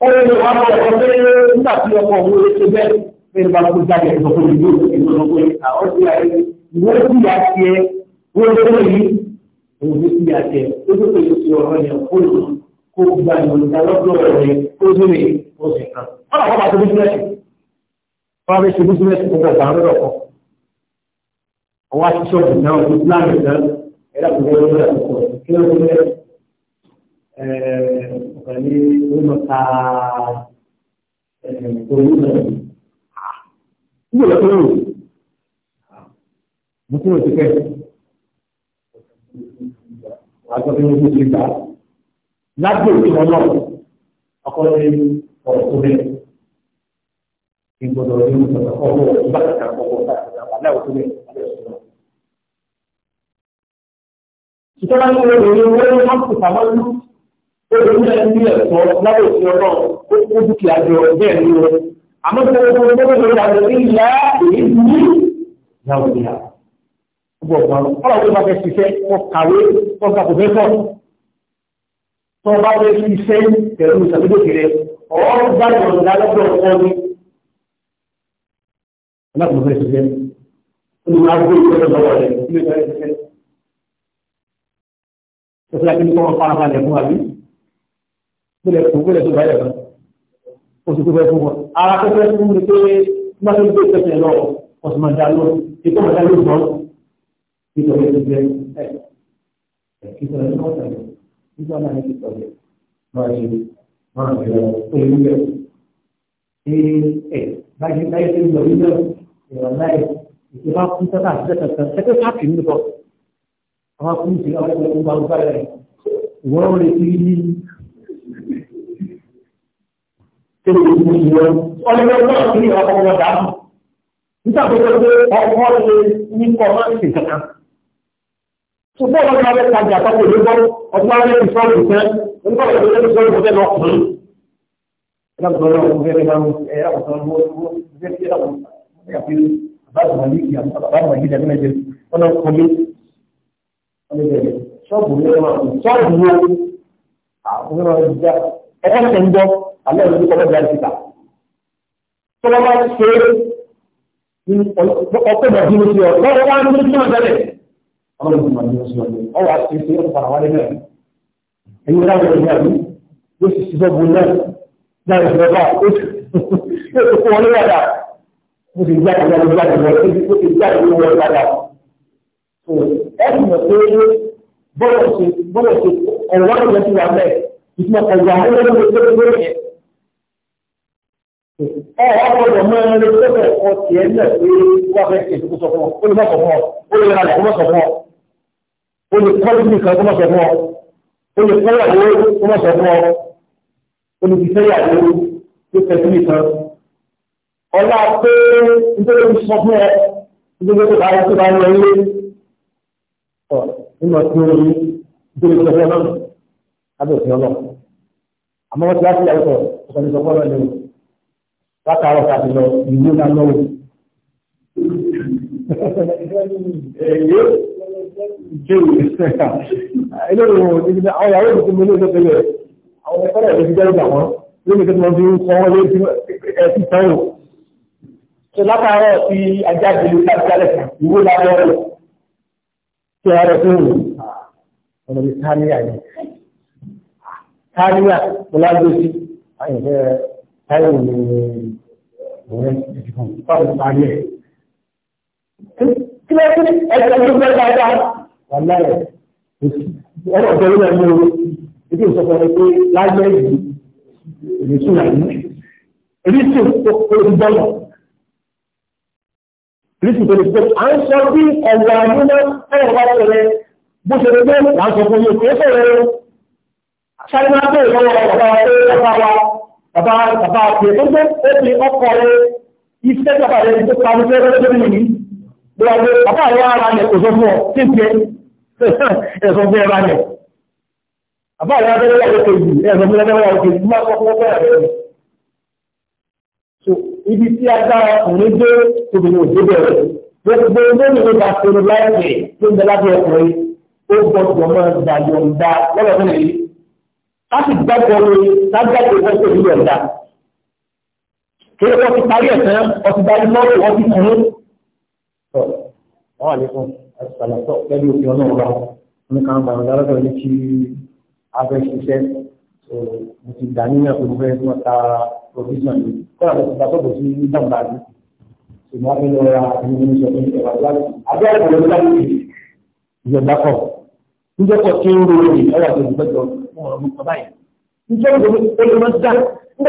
ó lè lè wá bọ̀ ọ̀pọ̀ pé nígbà tí ọkọ̀ òun lè ṣe bẹ́ẹ̀ pé nígbà tó jáde ẹ̀sọ́ tó lè gbé ìgbọ̀nà pé àwọn ti ra ẹni ìwọ́n sì yà sí ẹ wọ́n lè lè yí òun ti sì yà sí ẹ ó tó lè ṣe ọ̀rọ̀ yẹn kó lè kó gba ìmọ̀lẹ́ta lọ́dọ̀ rẹ̀ kó tó lè ó sì kàn. wọ́n làwọn bá tó bísíǹnẹ́sì wọ́n bá ṣe bísíǹnẹ̀sì tó gbọ̀gbà ń rọ̀ kọ́. ọwọ́ àti ṣọ́ọ̀bù náà ó ti láàrin náà era pegando las cosas. Quiero poner, eh, para mí uno está eh, por ah. uno. ¿Cómo lo tengo? Ah. No tengo que qué. Algo tengo que explicar. Nadie que no lo acorde por ocurrir. Y cuando lo vimos, tampoco, tampoco, tampoco, tampoco, tampoco, tampoco, ìjọba ní ìwé ìròyìn owó ní mọ́tò sàmọ́lú obìnrin náà ní ẹ̀tọ́ lábẹ́ òfin ọ̀nà ó kó dúkìá jọ bẹ́ẹ̀ ni o àmọ́ tó o tó o tó o tó o ní ìyá èyí ní ìyá òbí ya. ọgbọ ọgbọn ọlọ́run tó bá fẹ́ ṣiṣẹ́ kọ kàwé kọ gba kò fẹ́ sọ tó bá fẹ́ ṣiṣẹ́ pẹ̀lú ìṣàkóso ọ̀rọ̀ bá ìrọ̀lá lọ́dọ̀ ọ̀pọ̀ ni. ọlọ́run tó fẹ́ ṣiṣẹ́ olùwàgbé ìjọba lọ́wọ́ rẹ̀ ilé ìjọba ṣiṣẹ́ ó sì láti ní kọ́ fara balẹ̀ fún àbí gbọ́dẹ̀ kó gbọ́dẹ̀ tó báyẹ̀ kan ó sì tó fẹ́ fún wọn ara tó fẹ́ fún mi pé má tó gbé ìfẹsẹ̀ lọ wọ́n sì máa dá lọ ètò máa dá lọ mọ́ nítorí ti bẹ ẹ kíkọ́ ẹ̀ lọ́wọ́ tẹ̀lé nígbà náà ní kíkọ́ ẹ̀ máa ṣe máa ṣe lọ pé ìlú bẹ̀ ṣe ẹ báyìí báyìí ṣe ń lọ nílẹ̀ ìrọ̀lẹ́ ìṣèlú àkúntà àwọn kúrú sí ọgbẹ́ tó bá ń bá rẹ̀ wọ́n ń retí ní tẹ́lẹ̀ ìlú ìlú ọlọ́wọ́ náà sí ọkọ̀ wọn dàbù nígbà tó tẹ́lẹ̀ ọkọ̀ lè ní kọ́ máa ń ṣe kankan. ṣùgbọ́n ọlọ́wọ́ náà bẹ́ẹ̀ tọ́kọ̀ ló gbọ́ ọgbọ́n alẹ́ ìṣọ́ọ̀rù fẹ́ nígbà tó tẹ́lẹ̀ ìṣọ́ọ̀rù fẹ́ lọ kùn. ẹ̀rọ ìgbọ́n náà wọ́n fẹ́ẹ́ níbẹ̀ ṣọ́ọ̀bù ní ọmọ àti ṣọ́ọ̀bù wo àwọn ọmọ ìjà ẹgbẹ́ ṣe ń gbọ́ alẹ́ ìlú kọ́kọ́ bí àdìsíkà tó wọ́n bá ṣe ọkọ̀ mọ̀ bí mo ṣe ọ̀ lọ́wọ́ wá ní mo ṣe ọ̀dẹ́rẹ̀ ọmọ ìlú mọ̀ bí mo ṣe ọ̀dẹ́ ọ wà ṣe ṣe ọ̀pọ̀ àwọn ẹgbẹ́ ẹ̀yìn ìlú àwọn ẹgbẹ́ àbí yóò sì ṣiṣẹ́ bu náà náà ìjọba ó sì kó wọlé wàdà mo ẹ̀sìn pé bọ́lọ̀ ṣe bọ́lọ̀ ṣe ọ̀rọ̀ ìjọ sí wa bẹ́ẹ̀ ìtumọ̀ ọ̀gbà ọlọ́dún tó tó tó yẹ. ẹ ẹ gbọ́dọ̀ mọ ẹni tó bẹ ọ tiẹ̀ náà pé wọ́n fẹ́ ṣe ìdókòsọ fún ọ ó lè má sọ fún ọ ó lè rà lẹ kó má sọ fún ọ ó lè kọ́ ní nìkan kó má sọ fún ọ ó lè kọ́ ìyàwó kó má sọ fún ọ ó lè fi fẹ́ ìyàwó tó fẹ́ sí nìkan ọlá pé nítorí sọ fún ẹ nítorí tó bá yẹ nínú ọtí orí ìdílé ìjọba ọlọ́run lábẹ́ òfin ọlọ́run àmọ́ wọ́n ti wá sí ìyàwó sọ̀rọ̀ ọ̀sán ìjọba ọlọ́run lẹ́wọ̀ látàárọ̀ tàbí lọ ìlú náà lọ́wọ́. èyí ìjẹun eléyìí wọn ti di àwọn ìyàwó ìdílé mi ní ìjọba ìlú rẹ̀ àwọn ìfọ́nà ìlú ti dẹ́rù àwọn lórí ìjọba wọn fi ń kọ́ wọn lórí ẹ̀sìn tán o. látàárọ̀ ti ajá ìlú láti يا رسول ọmọ mi táníyà ni táníyà ọlágbèsì àyẹ̀fẹ́ táyọ̀ ní ọ̀rẹ́ ìdìbò fáwọn ìpàdé kí ló dé ẹgbẹ́ tó fẹ́ dáadáa wà láyẹ̀ ọ̀rọ̀ ọ̀tọ̀rọ̀ náà ní orí ìdí ìsọ̀kan rẹ̀ pé lágbẹ́ yìí èmi sùn àyè èmi sùn tó kó o ti bọ́ọ̀lù rísì tó lè pé à ń sọ bí ọ̀wọ̀ àmúná ọ̀rọ̀ bá tẹ̀lé bó ṣe lè gbé là ń sọ fún yóò kéé sọ̀rọ̀ ẹ̀rọ. sáré máa bẹ̀rẹ̀ lọ́wọ́ bàbá wa pé bàbá wa bàbá bàbá pè é gbé ó fi ọkọ̀ rẹ iṣẹ́ bàbá rẹ tó ta ní fẹ́rẹ́ lórí mi yìí. bí wàá gbé bàbá rẹ ara rẹ kò ọ so ibi tí agbára ọkùnrin dé obìnrin òjò bẹ̀rẹ̀ gbogbo olóyìnbó bá ṣe láìpẹ́ tó ń bẹ lábẹ́ ọkùnrin ó gbọ́dọ̀ máa gbà yọ̀ǹda lọ́wọ́ fún mi láti gbàgbọ́ mi lágbàgbọ́ ìwọ́n tó yí yọ̀ǹda kí wọ́n ti parí ẹ̀sán ọtí bá iná tó wọ́n ti kún un. wọ́n wà lẹ́kùn àtàlàtọ̀ pẹ̀lú òfin ọlọ́run bá wọn kàn bá wọn lọ́dọ̀ ní ti dà a de de de de provision yìí kọ́ra lọ sí ìgbà tó kò sí ní dàgbà de ṣùgbọ́n fi lọ ra ẹni ní sọ fún ìjọba láti abẹ́ de ní láti fi ìjọba kọ̀ níjọ́ kọ̀ tí ń ro èyí de àti olùgbẹ́jọ fún ọ̀rọ̀ nípa báyìí níjọ́ kọ̀ tó lè máa de nígbà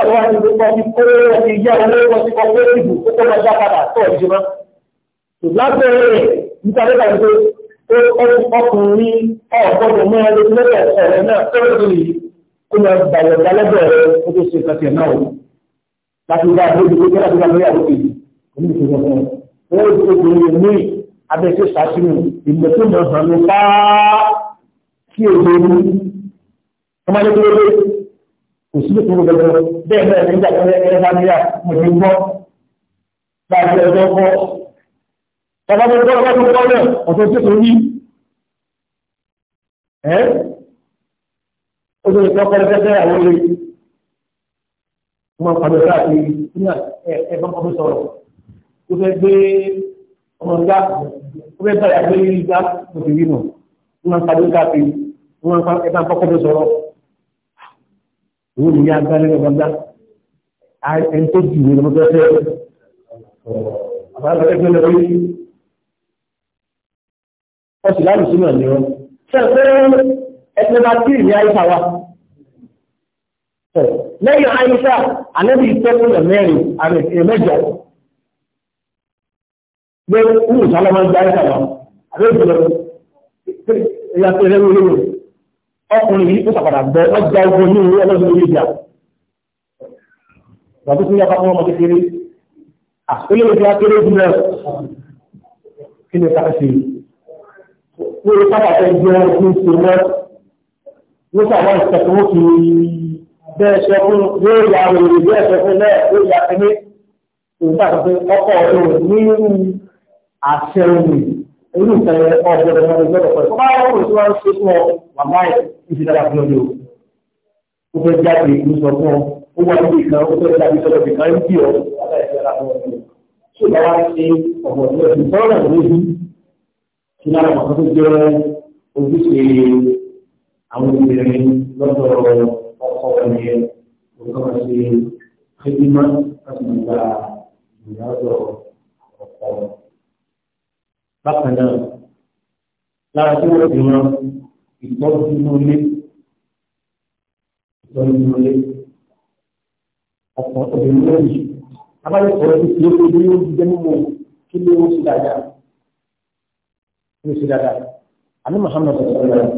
tó wà ní ìgbà tí kó ẹni yá owó wọn de kọ́ pé ìbò kó kó máa dá padà tó ọ̀ ìjọba de lábẹ́ rẹ̀ níta lẹ́ka ní pé ọkùnrin ọ̀gbọ́dọ̀ mọ́ ẹni lẹ́bẹ̀ẹ́ de náà tó lè kó máa gbàyọ̀ gbàlẹ́bẹ̀ẹ́ rẹ̀ ó tó ṣe de náà láti gba àgbéjì pé kẹ́lá tó bá lórí àwọn èdè oníṣòwò fún un ó ti obìnrin ní abẹ́sẹ̀ sàṣìmù ìgbẹ́ tó mọ̀ hàn ní fáá kí èdè ní ọmọdé tó lé kò sí lókun gbogbo bẹ́ẹ̀ bẹ́ẹ̀ nígbà tó lé ẹ̀rọ fámílà mo ti gbọ́ bá a ti ẹ̀rọ kọ́ bàbá tó gbọ́ bàbá tó gbọ́ lẹ̀ ọ̀tọ̀ tó tó ní ẹ́ ó lè kọ́ pẹ́rẹ́pẹ́rẹ́ àwọn olè wọ́n pàdé káàkiri ní ẹ̀fọn kọ́mí sọ̀rọ̀ ó fẹ́ gbé ọmọ ìgbà ó fẹ́ báyà gbé ìgbà òbí nù wọ́n pàdé káàkiri wọ́n ẹ̀fọn kọ́mí sọ̀rọ̀ òun ní agbára ẹ̀rọ gbàgbà ẹni tó jù ní ọmọ tó fẹ́ àbára ẹgbẹ́ lọ rí ọ̀sùn láàrùn sínú ẹ̀ ní ọ. fẹ́ ẹ ti kí ìyá ìta wa lẹ́yìn àyíṣà ànábì ìtẹ́kùn rẹ̀ mẹ́rin àmì ìrẹ̀mẹ́jọ pé ń wù sálọ́mọ́ ń gba àyíṣà lọ àbẹ́ ìjọba ìyá tó rẹ̀ wọlé wọlé ọkùnrin yìí ó sàpàdà gbọ́ ọjà ogun ní ìwé ọlọ́dún lórí ìjà ìgbà tó tún yá pápá ọmọ kékeré àkọlé ìjà kéré jù lọ kí ni káà ṣe wọ́n lè pápá ẹgbẹ́ ọdún ṣe wọ́n wọ́n sàwọn ìṣẹ̀kọ́ bẹ́ẹ̀ sọ fún yóò ya òòrùn bẹ́ẹ̀ sọ fún náà yóò ya kíní nígbà tó fi ọkọ̀ òòrùn ní irú àṣẹ òòrùn irú ìtẹ̀lẹ̀ ọ̀gbọ̀n ọ̀gbọ̀n ọ̀gbọ̀n ọ̀gbọ̀n tó bá wọ́n tó wá ń ṣe fún ọ màmá ẹ̀ ìfi dára fún ọdún ó fẹ́ jáde ìlú sọ fún ọ ó wà níbi kan ó fẹ́ jáde sọ́dọ̀ bí kan ń bì ọ ṣùgbọ́n wá ṣe ọ̀gbọ̀n tó ti sọ́dọ̀ lójú kí wọn yẹn kó tó máa ṣe kéjìmá láti máa gba ìyàtọ̀ ọ̀pọ̀. bákan náà lára tí wọ́n ti ran ìtọ́jú inú ilé ìtọ́jú inú ilé ọ̀pọ̀ obìnrin lẹ́yìn abájọ́ sọ̀rọ̀ tó ti lé pé bí ó ti jẹ́ mímu kí ló ń ṣe dáadáa ló ṣe dáadáa àní Muhammad sọ̀rọ̀ lẹ́yìn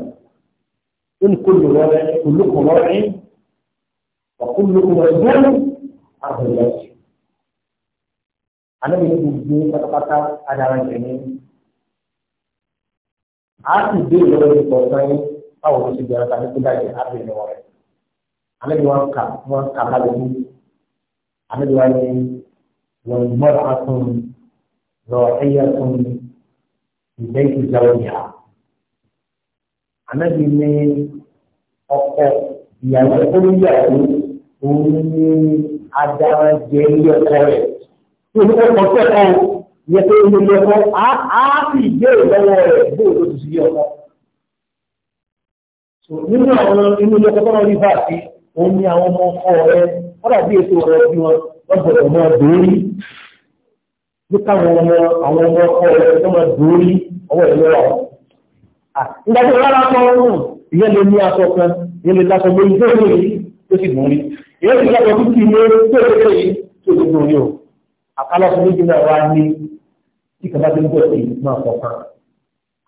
ó ní kó lè rọrẹ́ olùkọ́ rọrẹ́ وكلكم مسؤول عن رعيته Anda bisa uji kata-kata adalah ini. Aku di dalam dikosongi, tahu di sejarah kami tidak ada arti ini orang. Anda juga kata kata ini. Anda juga ini. والمرأة راعية في بيت زوجها. Anda ini, oke, yang punya itu òun jẹ ilé ẹ̀kọ́ rẹ̀ tí o ní ẹ̀kọ́ tó ẹ̀kọ́ yẹ pé ilé ẹ̀kọ́ á sì gbé ìlọ́wọ́ rẹ̀ bó o ti sí ọkọ. nínú àwọn inú ilé ẹ̀kọ́ tó lọ rí báàsì òun ni àwọn ọmọ ọkọ rẹ̀ kọ́dà bí ètò rẹ̀ bí wọn wọ́n gbọ́dọ̀ máa dórí bí káwọn ọmọ àwọn ọmọ ọkọ rẹ̀ tó máa dórí ọwọ́ ìlú rẹ̀. ìgbàgbọ́ rárá kan ìyẹn lè ní aṣọ kan ìyẹn lè lásọ lórí tó lè rí tó sì dùn yóò ti lọ́pọ̀ títí ilé tó lókè yìí tó gbogbo yóò àkálọ́sọ méjì náà wá ní tí kàbá tó ń bọ̀ sí máa pọ̀ kan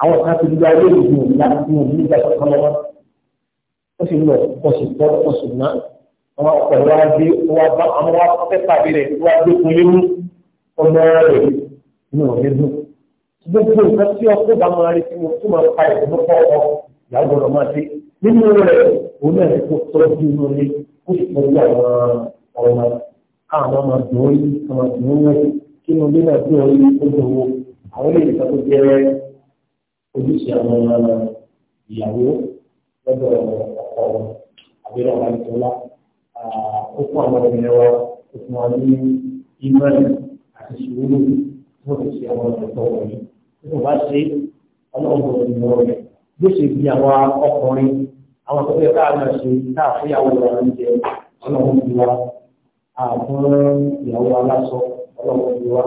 àwọn kan ti gba ilé ìlú láti fún òbí nígbà tó kán lọ́wọ́ ó sì lọ oṣù tọ́ oṣù náà wọn ọ̀pọ̀ wá dé wá bá àwọn wá fẹ́ pàdé rẹ̀ wá dé fún yín mú ọmọ rẹ̀ inú rẹ̀ dùn gbogbo nǹkan tí ọkọ̀ bá máa rí tí mo tún máa pa ìdúró pọ̀ ìyá gbọ́dọ̀ máa nínú rẹ̀ òun náà ti kó tọ́jú inú ilé sì tọ́jú àwọn ọmọ káwọn máa dùn ó yí dùn ó wọ́n kí inú ilé náà dùn ó yí dùn ó àwọn ilé ìta tó jẹ́ ojúṣe àwọn ìyàwó lọ́dọ̀ ọkọ àbẹ̀rẹ̀ ọ̀la ìtọ́lá ó fún àwọn obìnrin wa ó fún wa ní ìmọ̀lẹ̀ àti sùúrù tó fi ṣe àwọn ọ̀dọ́ wọ̀nyí tó bá ṣe ọlọ́run ọ̀dọ́ rẹ̀ bó bí àwọn ọkùnrin àwọn tó yẹ káà náà ṣe káà fúyàwó ọlọ́run bí wa àfún ìyàwó aláṣọ ọlọ́run bí wa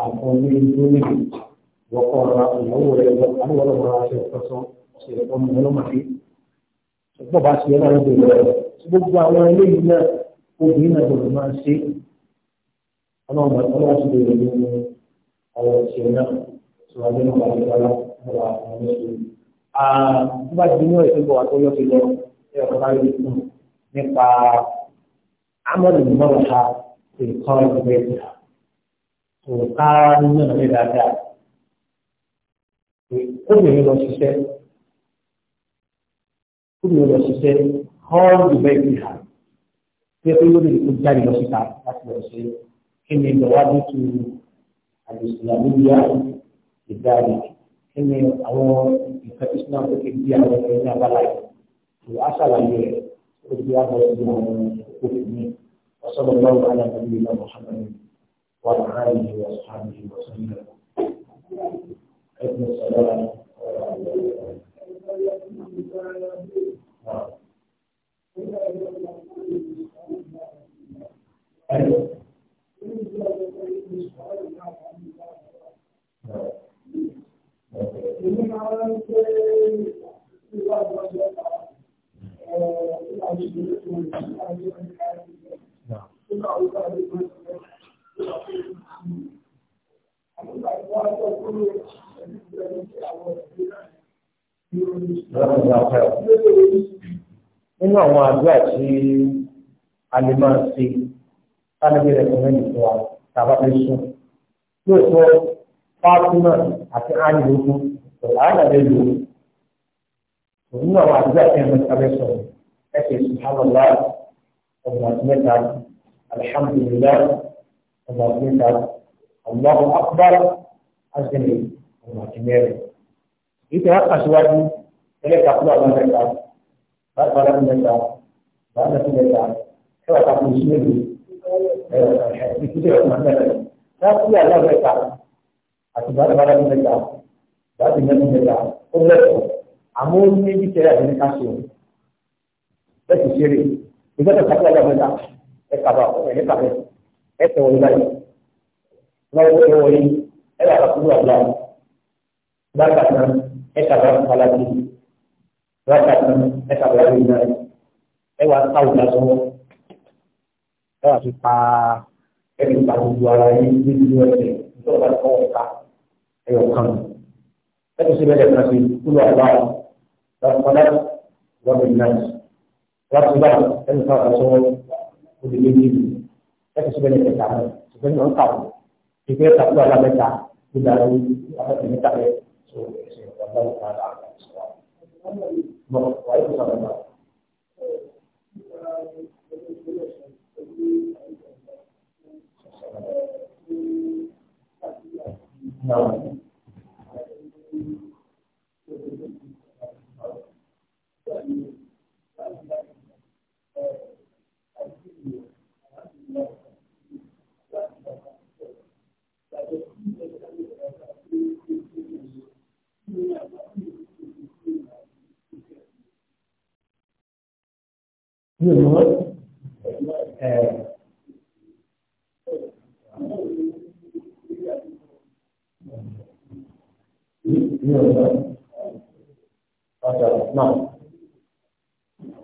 àfún ní ìwọ́kọ̀ ọ̀rọ̀ ìyàwó rẹ̀ àwọn ọlọ́run aṣọ ìfọ́sọ́ ṣe ẹ̀kọ́ mi ọlọ́mọdé ṣùgbọ́n bá ṣe ẹ̀rọ ìbò rẹ̀ gbogbo àwọn eléyìí náà obìnrin náà gbọdọ̀ máa ṣe ọlọ́run ọlọ́run ti bèrè nínú ọ̀rọ̀ tó bá di ní ọ̀sẹ̀ bọ̀ wá tó yọ sí lọ ẹ̀ ọ̀kan bá yọ fún nípa amọ̀lù mọ́ra nǹkan ìgbẹ́ ìgbà kò ká náà lé dáadáa obìnrin lọ ṣiṣẹ́ obìnrin lọ ṣiṣẹ́ hall ìgbẹ́ ìgbà tí ẹ pé lórí ìkó jáde lọ síta láti lọ ṣe kí ni ìdọ̀wádìí tu àdìsíyàmúyà ìdáàbò kí ni àwọn nǹkan tí sinam tó fi di àwọn ẹgbẹ́ ní abala yìí tó a ṣàlàyé rẹ̀ ó di àbọ̀ sí àwọn òkú mi ọ̀sọ́dọ̀ lọ́wọ́ alábẹ́bí ilé mọ̀sánmẹ́rin wà láàárín ìwé ọ̀sán ìwé ọ̀sán ìwé ẹ̀kún sọ̀rọ̀ Thank you. nínú àwọn àdúrà tí a lè máa ṣe tánàbí rẹ̀ fún mẹ́rin fún wa tàbá fẹ́ sùn lóòótọ́ fátúmọ̀ àti ánìlógún ọ̀làánà lè lò ó nínú àwọn àdúgbò àti ẹ̀mọ́ ìtàbẹ́ sọ̀rọ̀ ẹ̀sẹ̀ sùhánàlá ọ̀gbọ̀n àti mẹ́ta alihamdulilá ọ̀gbọ̀n àti mẹ́ta allahu akbar azumi ọ̀gbọ̀n àti mẹ́rin ìtẹ̀ wá kàṣíwájú ẹlẹ́ka fún àwọn mẹ́ta bàbá fún mẹ́ta bàbá fún mẹ́ta ẹwà kàkùn sí mẹ́rin ẹ̀rọ ìfúnṣẹ́ ọ̀gbọ̀n mẹ́rin láti àti bá bá dábì mẹ́ta dábì mẹ́ta mẹ́ta ó lẹ́tọ̀ọ́ àmọ́ ó ní bí tẹ́lẹ̀ àti ní ká ṣe òun bẹ́ẹ̀ sì ṣeré ìgbẹ́tọ̀ kápẹ́ ọ̀gá mẹ́ta ẹ kàbà ẹ kàbẹ́ ẹ tẹ̀wọ̀ ní báyìí lọ́wọ́ tó tẹ̀wọ̀ yìí ẹ yà kó kúrò àgbà gbàgbà náà ẹ kàbà kàlàkì gbàgbà náà ẹ kàbà lórí náà ẹ wà táwọn ìlà sọ́wọ́ ẹ wà fi pa ẹ fi pa gbogbo ara yín ní ìlú ẹ̀sẹ̀ ẹyọ kan ẹtù sí bẹ́ẹ̀ kan sí kúlọ̀ àbáwọ̀ lọ́kọ̀ọ́lá lọ́bìn náà lọ́kọ̀ọ́lá ẹnu kan kan sọ́wọ́ òdì méjì ìlú ẹtù sí bẹ́ẹ̀ kẹta náà ṣùgbọ́n ní wọ́n kà wọ́n ìgbẹ́ kàkúrò alábẹ́ta gbígbà ló afẹ́fẹ́ níta bẹ́ẹ̀ tó ẹ̀sìn ọ̀gbọ́n náà lọ́kọ̀ọ́lá Thank you. No. You eh. know ní ọ̀dọ́ ọ̀dọ́ náà.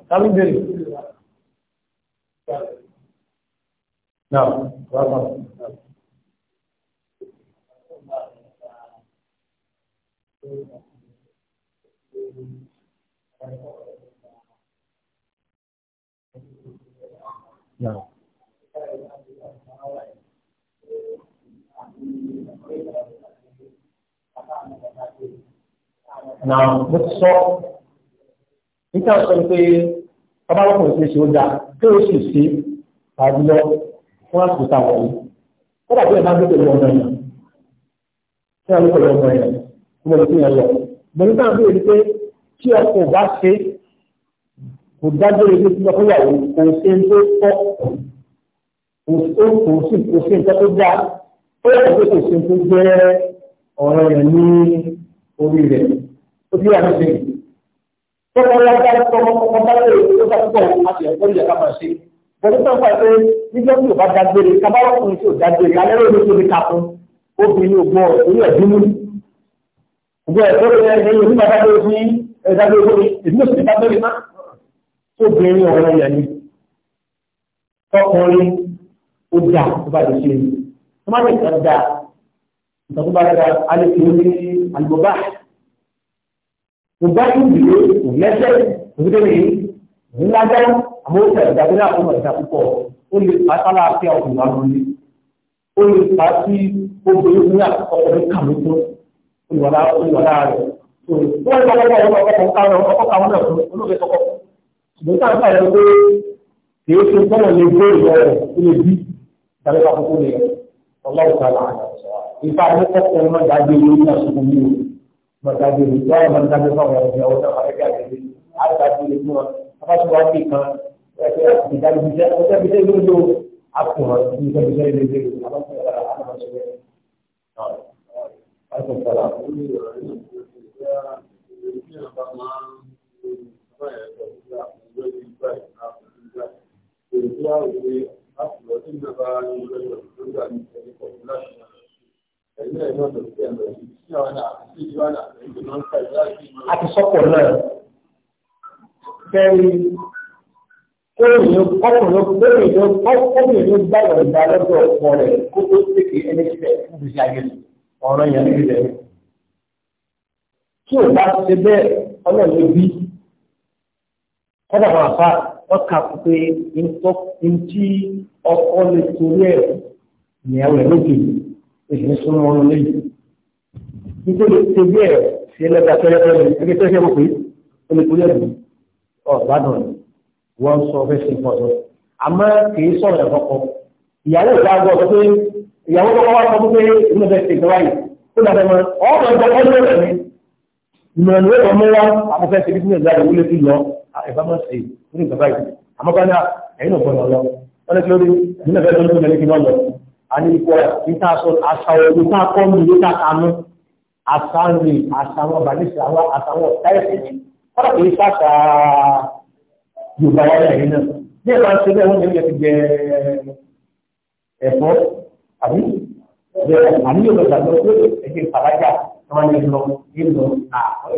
Kálí náà mo ti sọ níta sọ pé ọba lọ́kùnrin ṣe ṣe ó dáa tí ó fún àsìkò táwọn yìí dàbí ẹ̀ máa ń ọmọ yẹn tí wọ́n ń ọmọ yẹn tí wọ́n ti yẹn lọ. mo ní káwọn béèrè pé tí ọkọ̀ bá ṣe kò dájọ́ ilé tí wọ́n fẹ́yàwó kò ṣe ń tó kò sí kò sí nǹkan tó dáa ó yàtọ̀ kò sí nǹkan tó jẹ́ ọ̀rọ̀ ní orí rẹ̀ ó ti yà ní sèyí. Tọ́kọ lágbára tọmọ ọmọ bá lè tó bá pọ̀ àti ẹ̀kọ́ ìyá ká máa ṣe. Bọ̀dé tó ń pa pé níjọ́ tí ò bá dágbére kábàárọ̀ ọkùnrin tí ò dágbére alẹ́ ló ní tó ní kakún obìnrin ò gbọ́ orí ẹ̀ dúnú. Ǹjẹ́ ẹ̀kọ́ rẹ̀ ẹ̀yìn onímọ̀ bá lórí fún ẹ̀dágbé owó ni èmi ò sì bá bẹ́ẹ̀ má. Obìnrin ọ̀rọ̀ yẹn ni. Tọkùnrin ó dà tó bá lè ṣe. Tọ́mátì kan dà. Ìtọ́jú bá dà alẹ́ kìí ní àlùbọ́bá ṣùgbọ́n ìdílé ìlẹ́sẹ̀ ìdílé ìlájá àmóhùnsẹ̀ ìdàgbé náà fún ẹ̀dá púpọ̀ ó lè pa sálà àti ọkùnrin wa lórí ó lè pa sí obìnrin ní ọkùnrin kàmótó olùwàlá olùwàlá rẹ̀ wọ́n lè lọ́wọ́ ọ̀rọ̀ ọkọ̀ kárọ̀ ọkọ̀ káwọn náà fún olóògbé kọ́kọ́ ṣùgbọ́n táwọn sáà yẹn pé kì í ṣe sọ́nà lè gbé ìwọ rẹ̀ ó lè bí ìdàgbé pa kókó lè ọlọ́ọ̀ta làwọn ìfà àmúkọ́kọ́ náà dájú lórí náà ṣùgbọ́n mi ò mọ̀tàdìrì tó àwọn mọ̀tàdìrì fáwọn ọ̀rẹ́ ọ̀dọ́ àrẹ́gà àgbègbè àgbàdìrì fún wọn abáṣọwọ́ àti kan ẹ̀ṣẹ̀ ìdánilẹ́sẹ̀ ọ̀sẹ̀bíṣẹ́ yóò lo àtùmọ̀ ní ìdánilẹ́sẹ̀ ilé ìgbé Thank you. Àti sọ́pọ̀ náà. Bẹ́ẹ̀ni, kóòmìnì kóòmìnì kóòmìnì gbàgbọ́ ìgbà lọ́dọ̀ ọ̀pọ̀ rẹ̀ kó tó tètè ẹni sílẹ̀ fún ìgbésí ayé ọ̀rọ̀ yẹn lórí rẹ̀. Tí ò bá ṣe bẹ́ẹ̀ ọlọ́run ló bí. Kọ́dà máa fa wọ́n kà fún pé ntí ọkọ lè torí ẹ̀ nìyàwó ẹ̀ lókè èmi súnmọ́ ọ̀run lẹ́yìn nítorí ti bí ẹ̀ sí ẹlẹ́gbà tẹ́lẹ̀tẹ́lẹ̀ ẹgbẹ́ tẹ́lẹ̀ mọ̀ pé ó lè kúrẹ́ ẹ̀dùn ọ̀gbádùn rẹ̀ wọ́n sọ fẹ́ sí nǹkan ọ̀dọ́ àmọ́ kìí sọ̀rọ̀ ẹ̀ kọ́kọ́ ìyàwó ìgbà àgọ́ ọ̀dọ́ pé ìyàwó kọ́kọ́ wá sọ pé inú bẹ́ẹ̀ ti gbáyì ó dàbẹ̀ mọ́ ọ̀rọ̀ ẹ̀gbọ́n ọ̀dọ́ rẹ̀ ni ìmọ̀ràn ìwé kan mẹ́wàá àwọn fẹ́ ṣe bí sínú ìgbà rẹ̀ wúlé sí lọ ẹ̀fámọ́ sí ní ìgbà àníkọ́ ìtàṣọ àṣàwọ̀ ìtàkọ́ mi ìtàkànú àṣàrì àṣàwọ̀ ni kọ́dà kìí ṣàṣà yorùbá wáyà yìí náà bí ẹ bá ń ṣe bẹ́ẹ̀ wọ́n lè fi jẹ ẹ̀fọ́ àbí àní yóò lọ gbàgbọ́ pé ẹ̀jẹ̀ ìpàlájà wọn lè lọ nílò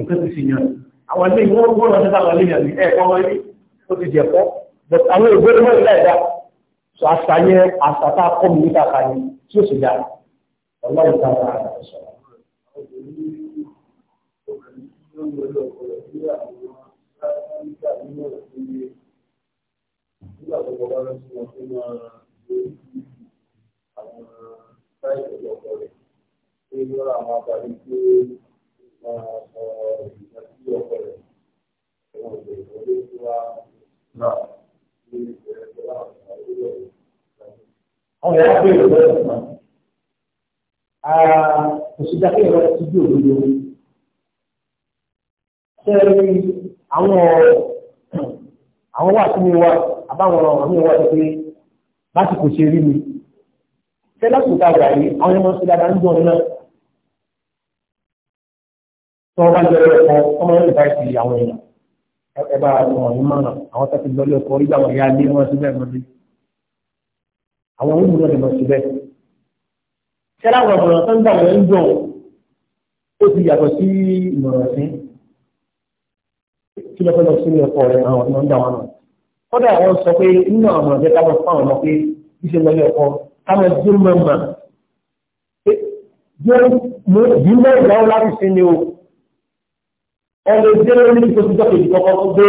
ìpẹ́tù sí yàn àwọn ilé ìwọ́n gbọ́dọ̀ ṣẹ́ta lọ lé yàn ní ẹ̀kọ́ wọn ní ó ti jẹ̀fọ́ àwọn ìgbéró so àṣàyẹ àṣàtà kọ́mi níta kàní tí ó sì dára ọlọ́run ta ta àṣà sọ. No. ọ̀rọ̀ yà bẹ̀rẹ̀ lọ́wọ́ ọ̀gbọ́n. Òṣìṣẹ́ kí ẹ̀rọ ti bí òdodo. Ṣé àwọn àwọn wà sí mi wá àbáwọn ọ̀rọ̀ mi wá sí pé lásìkò ṣe rí mi. Ṣé lásìkò tá a gbà yìí àwọn ọmọ ṣẹlẹ̀ àdáńdún ọ̀rọ̀ náà? Tí wọ́n bá ń jẹ́ ẹ̀kọ́, ọmọ yóò bá ti àwọn èèyàn. Ẹ bá àwọn ọ̀rọ̀ yìí mọ̀ràn, àwọn tó ti lọ ilé ọkọ̀ orí àwọn ìyá ilé wọn sílẹ̀ mọ́lẹ́ àwọn ohun náà lè lọ síbẹ̀. sẹ́lá àwọn ọ̀rọ̀ tó ń gbà wọ́n ń jọ ó ti yàtọ̀ sí ìmọ̀ràn sí kí lọ́kọ́ lọ sí ẹ̀kọ́ rẹ̀ àwọn ọ̀nà ń dà wọn nù. kọ́dà àwọn sọ pé nínú àwọn ọ̀rọ̀ ká máa fáwọn ọmọ pé bí ṣe lọlé ọkọ ká máa dé mọ́ mà bí mọ́ ìyàwó láti ṣe ni o ọ̀rọ̀ ìdílé ní ìfọ̀síjọ́ kejì kọ́kọ́ gbé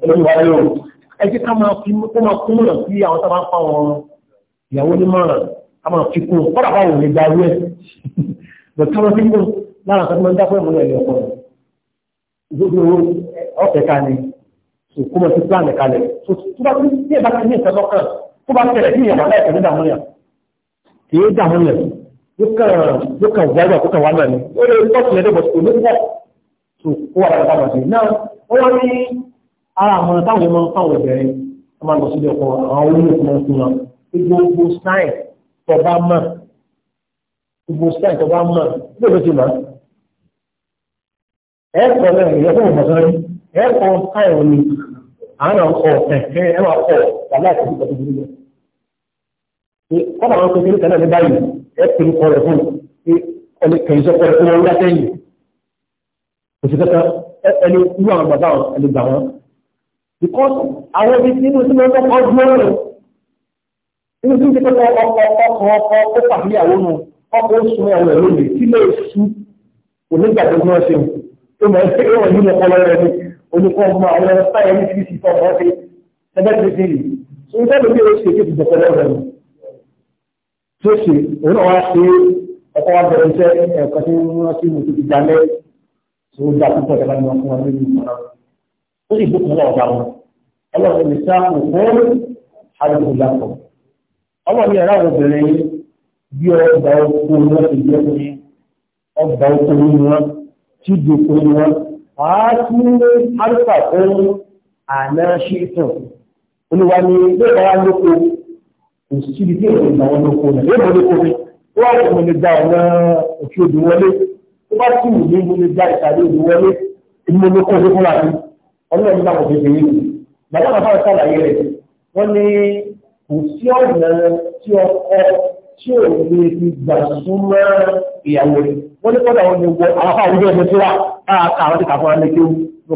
ẹlòmíwáyé ẹ jẹ́ ká máa fi kó máa kún mọ̀ràn sí àwọn tó máa ń pa wọn ìyàwó ní mọ̀ràn ká máa fi kún kọ́dà bá wò lè gba ewé bẹ̀ ká máa fi kún lára àtàkùn máa ń dápẹ́ ìmúlẹ̀ ẹ̀yọ̀ kan gbogbo owó ọ̀fẹ́ ká ni kó máa fi plan kalẹ̀ tó bá tún bí ẹ̀ bá ti ní ìfẹ́ lọ́kàn tó bá tẹ̀lé ní ìyàwó aláìsàn ní dààmú yà kì í dààmú yà ló kàn wáyà tó ó lè tọ́sí ara àwọn táwọn ọmọ fáwọn obìnrin wọn máa lọ sílé ọkọ àwọn olóògùn fún wọn gbogbo stein tó bá mọ gbogbo stein tó bá mọ gbogbo ti mọ ẹ̀kọ́ náà ìyẹn fún ọmọ sọ̀rọ̀ ẹ̀kọ́ stein òní àwọn ọkọ ẹhẹ ẹ máa kọ wàhálà àti ìgbà tó burú lọ kọ́nà àwọn kékeré kan náà ní báyìí ẹ pè ní kọrẹ fún ẹni kẹyìn sọ kọrẹ fún wọn wúlá sẹ́yìn òṣìṣẹ́ kan ẹni irú àwọn bàbá ẹni gbà wọn because àwọn ibi tí inú sí máa ń tọ́kọ̀ ọdún ọ̀rọ̀ inú sí ń tẹ́kọ̀ ọkọ̀ ọkọ̀ ọkọ̀ ó pàdé àwọn nù ọkọ̀ oṣù ọ̀rọ̀ lónìí tí lè sú onígbàgbọ́ tí wọ́n ṣe ó máa ń ṣe é wọ̀nyí lọ́kọ́ lọ́rẹ́ ni olùkọ́ ọmọ àwọn ẹ̀rọ táyà ní fífi fọ́ ọ̀rọ̀ ṣe ẹgbẹ́ tó ṣe yìí so ń tẹ́lẹ̀ bí ó ṣe kéde ìjọkọ̀ lọ́rẹ́ ni tó ṣe òun náà wá ṣe ọkọ̀ wa bẹ̀rẹ̀ iṣẹ́ ẹ̀kọ́ tí wọ́n ti mú ti dálẹ́ tó dá púpọ̀ ìjọba ni wọ́n fún wa lórí ìmọ̀ràn ó sì gbókun náà ọ̀gá wọn ọlọ́run lè sá òkú àdúgbò lápò ọlọ́run yẹn ráwọn obìnrin bí ọgbà oko ni wọ́n ti jẹ́ pé ọgbà oko ni wọ́n tí di oko ni wọ́n wàá tún ní alfa fún àná ṣíìtàn olúwa ni ilé ìdára lóko kò síbi tí èèyàn ìgbà wọn lóko náà yóò mọ lóko mi ó wà lóko mi gba ọ̀nà òkè odò wọlé bá tún ìlú gba ìtàdé odò wọlé ìmọ̀ ọlọ́run nígbà kò fèsì yìí bàtà bàtà wọn sàlàyé rẹ̀ wọ́n ní kò sí ọ̀nà tí ọkọ tí ò lè fi gbà súnmọ́ ìyàwó rẹ̀ wọ́n ní kọ́dà wọn ni wọ àwọn afọ àwùjọ ẹ̀mí tí wà á kà wọ́n ti fún wa ní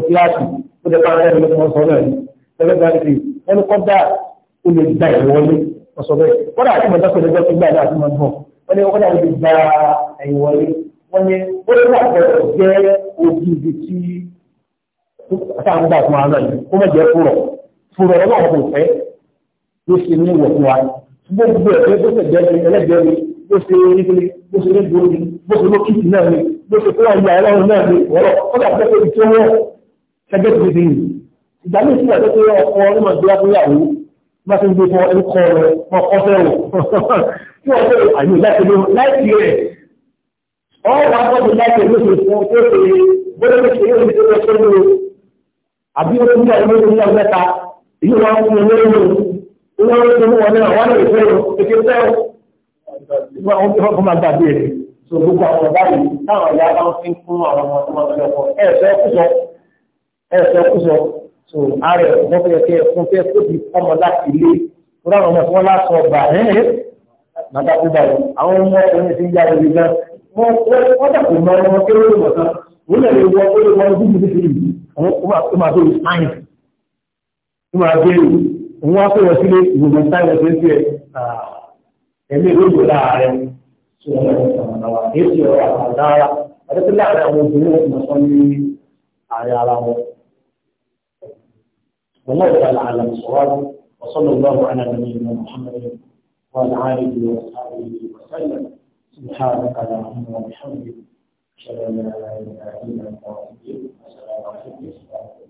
kíláàsì ó dẹ̀ pàrọ̀ ẹ̀mí lọ́sọ̀rọ̀ sọ̀rọ̀ ẹ̀ ẹ̀mí gba ẹ̀mí wọ́n ní kọ́dà ó lè gba ìwọlé ọ̀sọ̀ bẹ́ẹ̀ kọ́dà àti mọ̀tàkùn ẹ̀gbẹ́ tó gbà náà ti bọ̀ wọ́n ní kọ́dà ó lè gba ìwọlé wọ́n ní ó lè gbà sáàmùgbà fún àwọn yìí kó mọ̀ jẹ́ fúrọ̀ fúrọ̀ ọlọ́run kò fẹ́ ló ṣe ní ìwọ̀ fún wa gbogbo ẹ̀fẹ́ tó fẹ́ jẹ́ ẹlẹ́gbẹ́ mi bó ṣe rí kiri ṣe rí mi bó ṣe ló náà mi bó ṣe kó wọn ẹlọ́run náà mi wọ́rọ̀ ó dà pé tó wọ́ ṣẹgbẹ́ tó ti yìí ìgbà mi ìsúná tó tẹ́lẹ̀ ọkọ ọlọ́mọ ìgbéra fún yàwó má ti ń gbé àbí oṣù tí a lè ní ọjọ́ mẹ́ta èyí wọn ń fún olóyún lò ó wọn ń fún wọn náà wọn lè fẹ́ o èké fẹ́ o wọn fi fọkàn máa gbàgbé rẹ̀ so gbogbo àwọn ọba yìí táwọn ìyá bá ń fi fún àwọn ọmọ tó máa ń lọ ẹ fẹ́ kúsọ ẹ fẹ́ kúsọ so ààrẹ wọn fẹ́ kẹ fún fẹ́ tóbi ọmọ láti ilé tó dáwọn ọmọ tí wọn láti ọgbà ẹ ẹ màdá tó bá wọn àwọn ọmọ ọkùnrin ti ń yára ibi gan wọn wọn dàpọ̀ mọ́ ọmọ kéwòn lọ́sàn-án wọn lè wọ ó máa bèèrè sáyẹ̀nsì ó máa bèèrè òun wá pé wọ́n sílé ìgbìmọ̀ sáyẹ̀nsì ń fi ẹ̀mí ìlú láàárẹ̀ sí ọ̀rọ̀ ìṣàmọ̀nàwà kì í ṣe ọ̀rọ̀ àdára àdékù láàárẹ̀ àwọn obìnrin wọn mọ̀ sọ́n ní ààrẹ ara wọn. والله تعالى أعلم الصواب وصلى الله على نبينا محمد وعلى آله وصحبه وسلم سبحانك اللهم وبحمدك masalah warahmatullahi wabarakatuh.